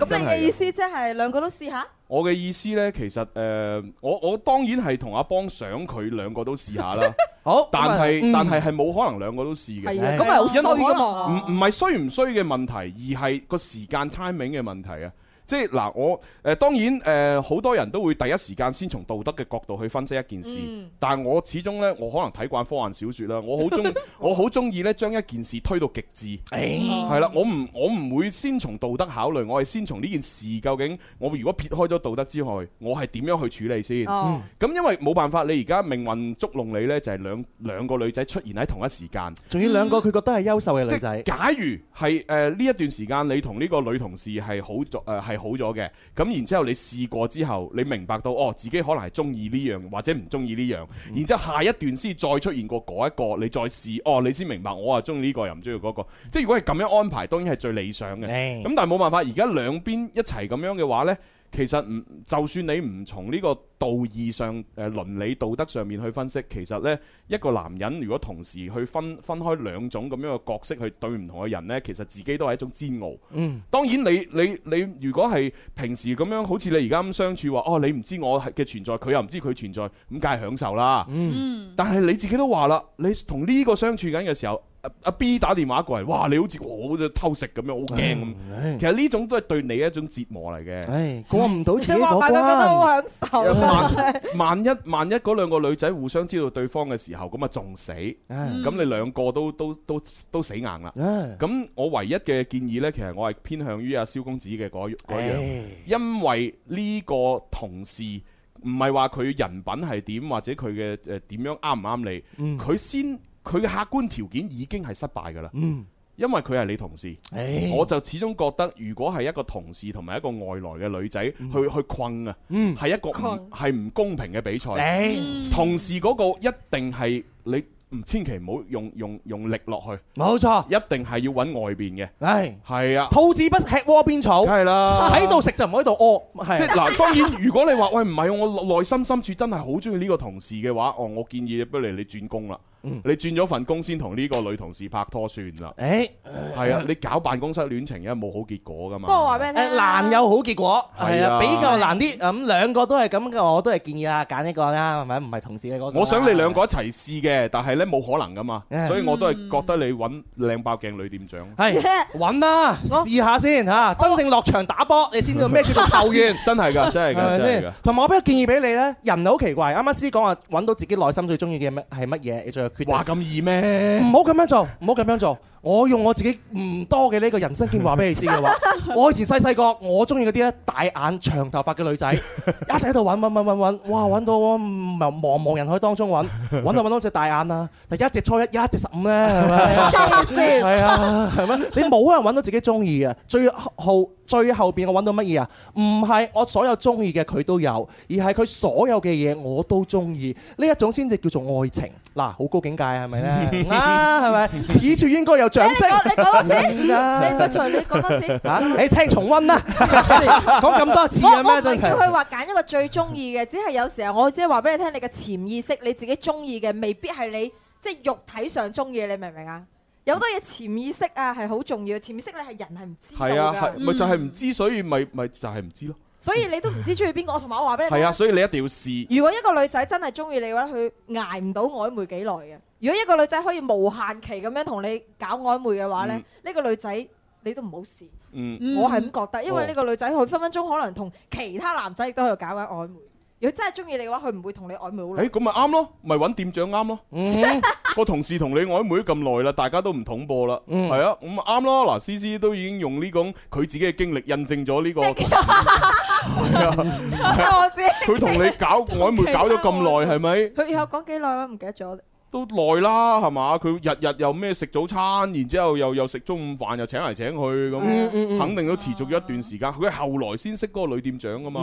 咁你嘅意思即係兩個都試下？我嘅意思呢，其實誒，我我當然係同阿邦想佢兩個都試下啦。 好，但係但係係冇可能兩個都試嘅。係啊，咁係好衰噶嘛。唔唔係衰唔衰嘅問題，而係個時間 timing 嘅問題啊。即係嗱，我誒、呃、當然誒好、呃、多人都會第一時間先從道德嘅角度去分析一件事，嗯、但係我始終咧，我可能睇慣科幻小說啦，我好中， 我好中意咧將一件事推到極致，係啦、哎，我唔我唔會先從道德考慮，我係先從呢件事究竟我如果撇開咗道德之外，我係點樣去處理先？咁、哦嗯、因為冇辦法，你而家命運捉弄你咧，就係兩兩個女仔出現喺同一時間，仲要兩個佢覺得係優秀嘅女仔。假如係誒呢一段時間，你同呢個女同事係好誒係。呃呃好咗嘅，咁然之後你試過之後，你明白到哦，自己可能係中意呢樣或者唔中意呢樣，然之後下一段先再出現過嗰一個，你再試哦，你先明白我啊中意呢個又唔中意嗰個，即係如果係咁樣安排，當然係最理想嘅。咁但係冇辦法，而家兩邊一齊咁樣嘅話呢，其實唔就算你唔從呢個。道義上、誒倫理道德上面去分析，其實呢一個男人如果同時去分分開兩種咁樣嘅角色去對唔同嘅人呢，其實自己都係一種煎熬。嗯，當然你你你如果係平時咁樣好似你而家咁相處話，哦你唔知我嘅存在，佢又唔知佢存在，咁梗係享受啦。嗯，但係你自己都話啦，你同呢個相處緊嘅時候，阿 B 打電話過嚟，哇你好似我就偷食咁樣，好驚咁。其實呢種都係對你一種折磨嚟嘅。唉，過唔到自己嗰關。萬萬一萬一兩個女仔互相知道對方嘅時候，咁啊仲死，咁你兩個都都都都死硬啦。咁我唯一嘅建議呢，其實我係偏向於阿蕭公子嘅嗰嗰樣，哎、因為呢個同事唔係話佢人品係點，或者佢嘅誒點樣啱唔啱你，佢、嗯、先佢嘅客觀條件已經係失敗噶啦。嗯因為佢係你同事，哎、我就始終覺得，如果係一個同事同埋一個外來嘅女仔去、嗯、去困啊，係、嗯、一個係唔公平嘅比賽。哎、同事嗰個一定係你千，千祈唔好用用力落去。冇錯，一定係要揾外邊嘅。唉、哎，係啊，兔子不吃窩邊草，係啦，喺度食就唔喺度屙。即嗱，當然如果你話喂唔係，我內心深，深處真係好中意呢個同事嘅話，哦，我建議不如你，你，你轉工啦。你轉咗份工先同呢個女同事拍拖算啦。誒、欸，係啊，你搞辦公室戀情，因為冇好結果噶嘛。不過話俾你聽、啊，難有好結果，係啊，啊，比較難啲。咁、嗯、兩個都係咁嘅，我都係建議啊，揀呢個啦，係咪？唔係同事嘅嗰、那個、我想你兩個一齊試嘅，啊、但係咧冇可能噶嘛，所以我都係覺得你搵靚爆鏡女店長。係搵啦，試、啊、下先吓，真正落場打波，你先知咩叫做後院。真係噶，真係噶，同埋我俾個建議俾你咧，人好奇怪，啱啱先講話搵到自己內心最中意嘅乜係乜嘢，你再。話咁易咩？唔好咁樣做，唔好咁樣做。我用我自己唔多嘅呢個人生經話俾你知嘅話， 我以前細細個我中意嗰啲咧大眼長頭髮嘅女仔，一直喺度揾揾揾揾揾，哇揾到喎！茫茫人海當中揾，揾到揾到隻大眼啊！但一隻初一，一隻十五咧，係咪？係 啊，係咪？你冇人揾到自己中意嘅，最後最後邊我揾到乜嘢啊？唔係我所有中意嘅佢都有，而係佢所有嘅嘢我都中意，呢一種先至叫做愛情嗱，好高境界係咪咧？啊，係咪？此處應該有。你講你講多次，你唔你講多次，你聽重溫啦，講咁多次有咩？我我叫佢話揀一個最中意嘅，只係有時候我即係話俾你聽，你嘅潛意識你自己中意嘅，未必係你即係、就是、肉體上中意，你明唔明啊？有好多嘢潛意識啊，係好重要，潛意識你係人係唔知噶。係啊，係咪就係、是、唔知，所以咪咪就係唔知咯。嗯、所以你都唔知中意邊個？我同埋我話俾你。係啊，所以你一定要試。如果一個女仔真係中意你嘅話，佢挨唔到曖昧幾耐嘅。如果一個女仔可以無限期咁樣同你搞曖昧嘅話咧，呢個女仔你都唔好試。我係咁覺得，因為呢個女仔佢分分鐘可能同其他男仔亦都喺度搞緊曖昧。如果真係中意你嘅話，佢唔會同你曖昧好耐。誒，咁咪啱咯，咪揾店長啱咯。個同事同你曖昧咗咁耐啦，大家都唔捅破啦。係啊，咁啊啱啦。嗱，C C 都已經用呢種佢自己嘅經歷印證咗呢個。佢同你搞曖昧搞咗咁耐係咪？佢有講幾耐啊？唔記得咗。都耐啦，係嘛？佢日日又咩食早餐，然之後又又食中午飯，又請嚟請去咁，肯定都持續咗一段時間。佢後來先識嗰個女店長㗎嘛。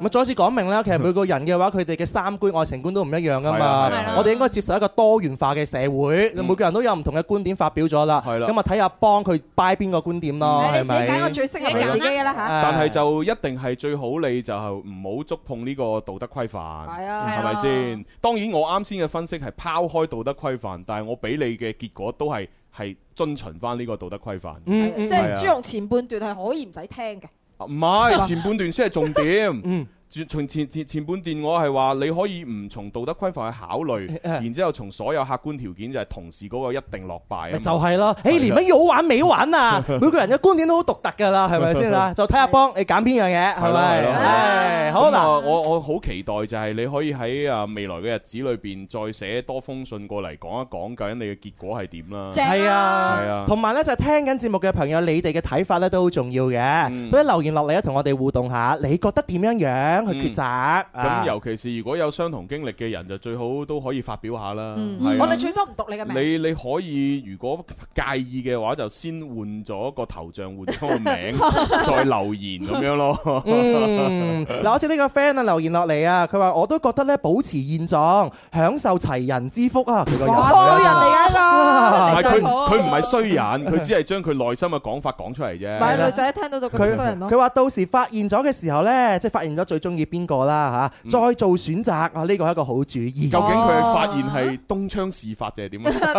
咁啊，再次講明啦，其實每個人嘅話，佢哋嘅三觀、愛情觀都唔一樣㗎嘛。我哋應該接受一個多元化嘅社會，每個人都有唔同嘅觀點發表咗啦。咁啊，睇下阿邦佢 buy 邊個觀點咯，係咪？你自己揀最識嘅人。但係就一定係最好，你就唔好觸碰呢個道德規範。係咪先？當然我啱先嘅分析係拋開道德規範，但係我俾你嘅結果都係係遵循翻呢個道德規範，即係將前半段係可以唔使聽嘅，唔係前半段先係重點。 嗯從前前前半段我係話你可以唔從道德規範去考慮，然之後從所有客觀條件就係同時嗰個一定落敗。就係咯，誒，連乜要好玩未玩啊？每個人嘅觀點都好獨特㗎啦，係咪先啊？就睇下阿邦，你揀邊樣嘢係咪？好嗱，我我好期待就係你可以喺啊未來嘅日子裏邊再寫多封信過嚟講一講究竟你嘅結果係點啦？正係啊，係啊，同埋咧就聽緊節目嘅朋友，你哋嘅睇法咧都好重要嘅，嗰啲留言落嚟啊，同我哋互動下，你覺得點樣樣？等佢抉擇。咁尤其是如果有相同經歷嘅人，就最好都可以發表下啦。我哋最多唔讀你嘅名。你你可以如果介意嘅話，就先換咗個頭像，換咗個名，再留言咁樣咯。嗱，好似呢個 friend 啊留言落嚟啊，佢話我都覺得咧保持現狀，享受齊人之福啊。衰人嚟嘅，佢唔係衰人，佢只係將佢內心嘅講法講出嚟啫。唔咪女仔聽到就咁衰人咯。佢話到時發現咗嘅時候咧，即係發現咗最終。中意邊個啦嚇，再做選擇啊！呢個係一個好主意。究竟佢嘅發現係東窗事發定係點樣啊？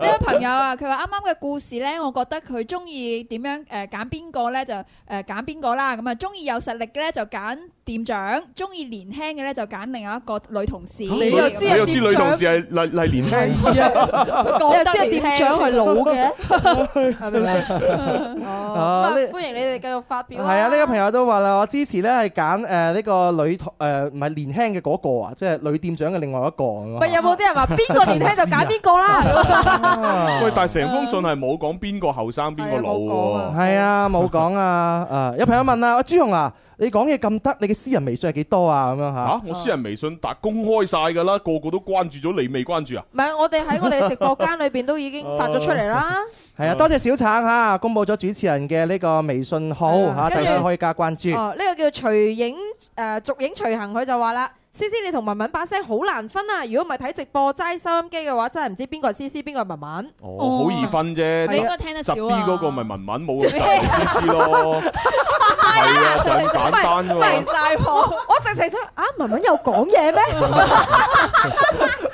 呢位朋友啊，佢話啱啱嘅故事咧，我覺得佢中意點樣誒揀邊個咧，就誒揀邊個啦。咁啊，中意有實力嘅咧就揀。店長中意年輕嘅咧，就揀另外一個女同事。你又知女同事係嚟嚟年輕？你又知店長係老嘅。係咪？歡迎你哋繼續發表。係啊，呢個朋友都話啦，我支持咧係揀誒呢個女誒唔係年輕嘅嗰個啊，即係女店長嘅另外一個。喂，有冇啲人話邊個年輕就揀邊個啦？喂，但係成封信係冇講邊個後生邊個老。係啊，冇講啊。誒，有朋友問啊，阿朱紅啊。你講嘢咁得，你嘅私人微信係幾多啊？咁樣嚇。啊，我私人微信達公開晒㗎啦，個個都關注咗，你未關注啊？唔係，我哋喺我哋直播間裏邊都已經發咗出嚟啦。係 啊，啊，多謝小橙嚇，公佈咗主持人嘅呢個微信號嚇，大家可以加關注。哦、啊，呢、呢個叫隨影誒，逐、呃、影隨行，佢就話啦。思思你同文文把聲好難分啊！如果唔係睇直播齋收音機嘅話，真係唔知邊個係思思，邊個係文文。哦，好易分啫，你應該聽得少、啊。十嗰個咪文文，冇咪思思咯。係啊，簡單啫嘛。晒 我，我直情想啊，文文有講嘢咩？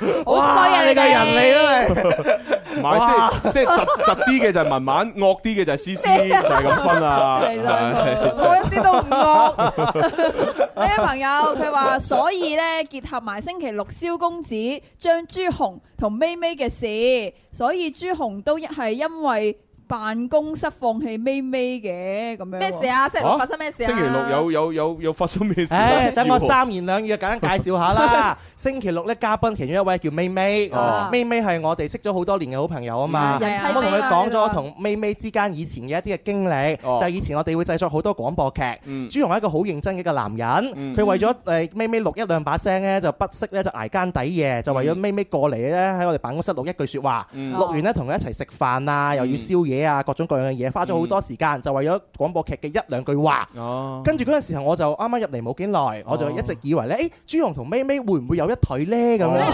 好衰啊！你嘅人嚟啊，哇即係即係，雜雜啲嘅就係文慢，慢，惡啲嘅就係思思，啊、就係咁分啊！其實我一啲都唔惡。呢個朋友佢話，所以咧結合埋星期六蕭公子將朱紅同咪咪嘅事，所以朱紅都係因為。辦公室放棄咪咪嘅咁樣。咩事啊？星期六發生咩事啊？星期六有有有有發生咩事？誒，等我三言兩語簡單介紹下啦。星期六咧，嘉賓其中一位叫咪咪，咪咪係我哋識咗好多年嘅好朋友啊嘛。我同佢講咗同咪咪之間以前嘅一啲嘅經歷，就係以前我哋會製作好多廣播劇。朱融係一個好認真嘅一個男人，佢為咗誒咪咪錄一兩把聲咧，就不惜咧就捱更抵夜，就為咗咪咪過嚟咧喺我哋辦公室錄一句説話。錄完咧，同佢一齊食飯啊，又要宵夜。啊，各種各樣嘅嘢，花咗好多時間，就為咗廣播劇嘅一兩句話。哦，跟住嗰陣時候，我就啱啱入嚟冇幾耐，我就一直以為咧，誒，朱紅同咪咪會唔會有一腿咧？咁樣，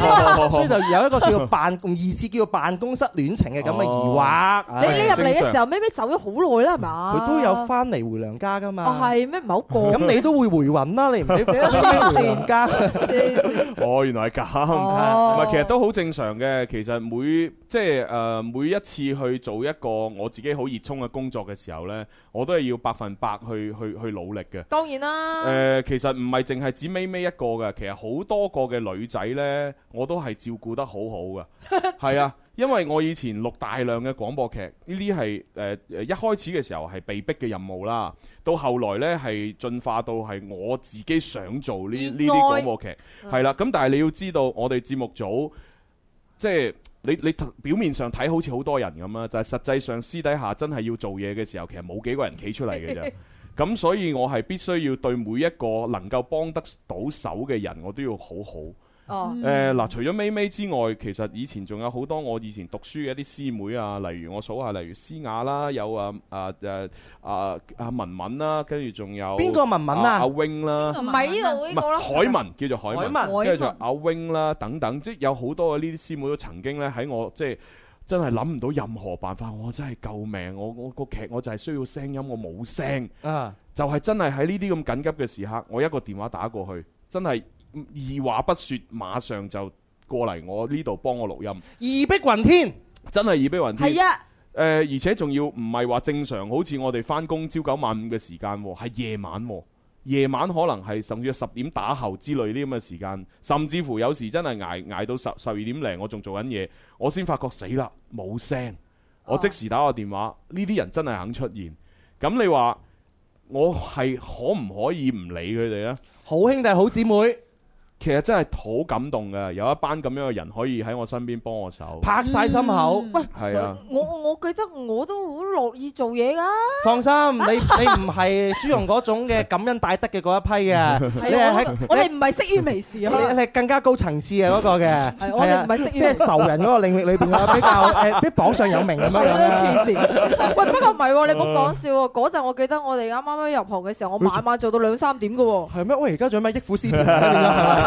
所以就有一個叫做辦二次叫做辦公室戀情嘅咁嘅疑惑。你，你入嚟嘅時候，咪咪走咗好耐啦，係嘛？佢都有翻嚟回娘家㗎嘛。哦，係咩？唔係好過。咁你都會回魂啦，你唔俾回娘家。哦，原來係咁。唔係，其實都好正常嘅。其實每即係誒，每一次去做一個。我自己好熱衷嘅工作嘅時候呢，我都係要百分百去去去努力嘅。當然啦。誒、呃，其實唔係淨係指尾尾一個嘅，其實好多個嘅女仔呢，我都係照顧得好好嘅。係 啊，因為我以前錄大量嘅廣播劇，呢啲係誒一開始嘅時候係被逼嘅任務啦，到後來呢係進化到係我自己想做呢呢啲廣播劇係啦。咁、嗯哀啊、但係你要知道，我哋節目組即係。你你表面上睇好似好多人咁啊，但係實際上私底下真係要做嘢嘅時候，其實冇幾個人企出嚟嘅啫。咁 所以我係必須要對每一個能夠幫得到手嘅人，我都要好好。哦，誒嗱、oh, 嗯呃，除咗咪咪之外，其實以前仲有好多我以前讀書嘅一啲師妹啊，例如我數下，例如詩雅啦，有啊啊誒啊啊文文啦，跟住仲有邊、啊、個文文啊？阿 wing、啊啊啊、啦，同埋呢度呢個啦、啊啊這個啊，海文叫做海文，跟住就阿 wing 啦等等，即係有好多嘅呢啲師妹都曾經咧喺我即係真係諗唔到任何辦法，我真係救命！我我，我個劇我就係需要聲音，我冇聲，啊，uh, 就係真係喺呢啲咁緊急嘅時刻，我一個電話打過去，真係。二話不說，馬上就過嚟我呢度幫我錄音。義薄雲天，真係義薄雲天。係、啊呃、而且仲要唔係話正常，好似我哋翻工朝九晚五嘅時間，係夜晚、啊，夜晚可能係甚至十點打後之類啲咁嘅時間，甚至乎有時真係捱捱到十十二點零，我仲做緊嘢，我先發覺死啦冇聲，聲哦、我即時打個電話，呢啲人真係肯出現。咁你話我係可唔可以唔理佢哋呢？好兄弟，好姊妹。其實真係好感動嘅，有一班咁樣嘅人可以喺我身邊幫我手，拍晒心口，係啊！我我記得我都好樂意做嘢噶。放心，你你唔係朱融嗰種嘅感恩戴德嘅嗰一批嘅。我哋唔係識於微時啊。你你更加高層次嘅嗰個嘅。我哋唔係識於即係仇人嗰個領域裏邊嘅比較誒，榜上有名咁樣。喂，不過唔係，你冇講笑喎。嗰陣我記得我哋啱啱啱入行嘅時候，我晚晚做到兩三點噶。係咩？我而家仲有咩益富師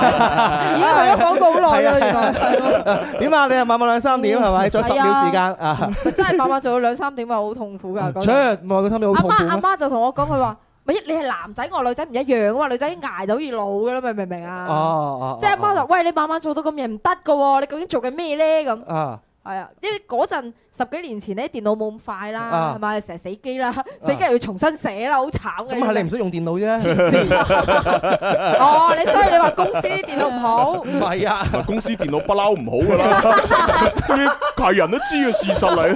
咦，佢講好耐啦， 原來慢慢點是是啊？你係晚晚兩三點係咪？再少少時間啊！真係晚晚做到兩三點咪好痛苦噶，切！阿媽阿媽就同我講，佢話：，咪，你係男仔，我女仔唔一樣噶嘛，女仔捱到易老噶啦，明唔明啊，啊，啊，啊，啊媽媽？哦即係阿媽就：，喂，你晚晚做到咁夜唔得噶，你究竟做緊咩咧？咁啊，係啊， 因為嗰陣。十幾年前咧電腦冇咁快啦，係咪成日死機啦？死機又要重新寫啦，好慘嘅。咁係你唔使用電腦啫。哦，你所以你話公司電腦唔好？唔係啊，公司電腦不撈唔好㗎啦，係人都知嘅事實嚟。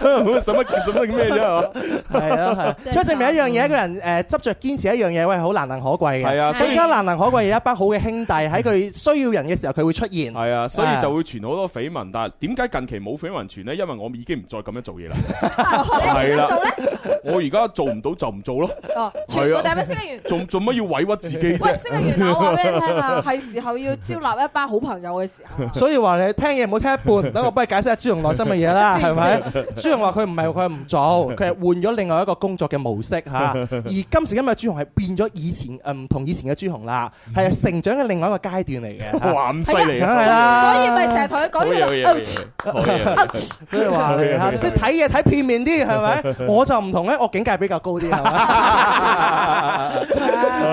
使乜使乜咩啫？係咯，係。最證明一樣嘢，一個人誒執着堅持一樣嘢，喂，好難能可貴嘅。係啊，更加而難能可貴係一班好嘅兄弟喺佢需要人嘅時候佢會出現。係啊，所以就會傳好多緋聞，但係點解近期冇緋聞傳咧？因為我已經唔再咁。咁樣做嘢啦，係啦，做咧，我而家做唔到就唔做咯。哦，全部第二位升級員，做做乜要委屈自己？升級員，我話畀你聽啊，係時候要招納一班好朋友嘅時候。所以話你聽嘢唔好聽一半，等我幫你解釋下朱紅內心嘅嘢啦，係咪？朱紅話佢唔係佢唔做，佢係換咗另外一個工作嘅模式嚇。而今時今日朱紅係變咗以前誒唔同以前嘅朱紅啦，係成長嘅另外一個階段嚟嘅。哇，咁犀利啊！係啊，所以咪成日同佢講嘢。所以話佢。你睇嘢睇片面啲，係咪？我就唔同咧，我境界比較高啲，係咪？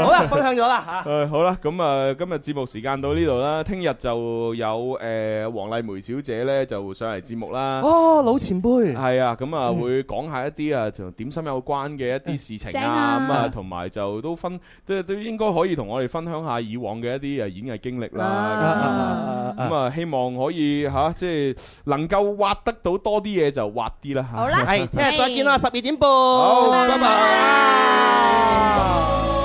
好啦，分享咗啦嚇。誒好啦，咁啊，今日節目時間到呢度啦。聽日就有誒黃麗梅小姐咧，就上嚟節目啦。哦，老前輩。係啊，咁啊會講下一啲啊，同點心有關嘅一啲事情啊。咁啊，同埋就都分，即係都應該可以同我哋分享下以往嘅一啲誒演藝經歷啦。咁啊，希望可以嚇，即係能夠挖得到多啲嘢就。滑啲啦嚇，係啦，聽日 再見啦，十二點半，好，拜拜。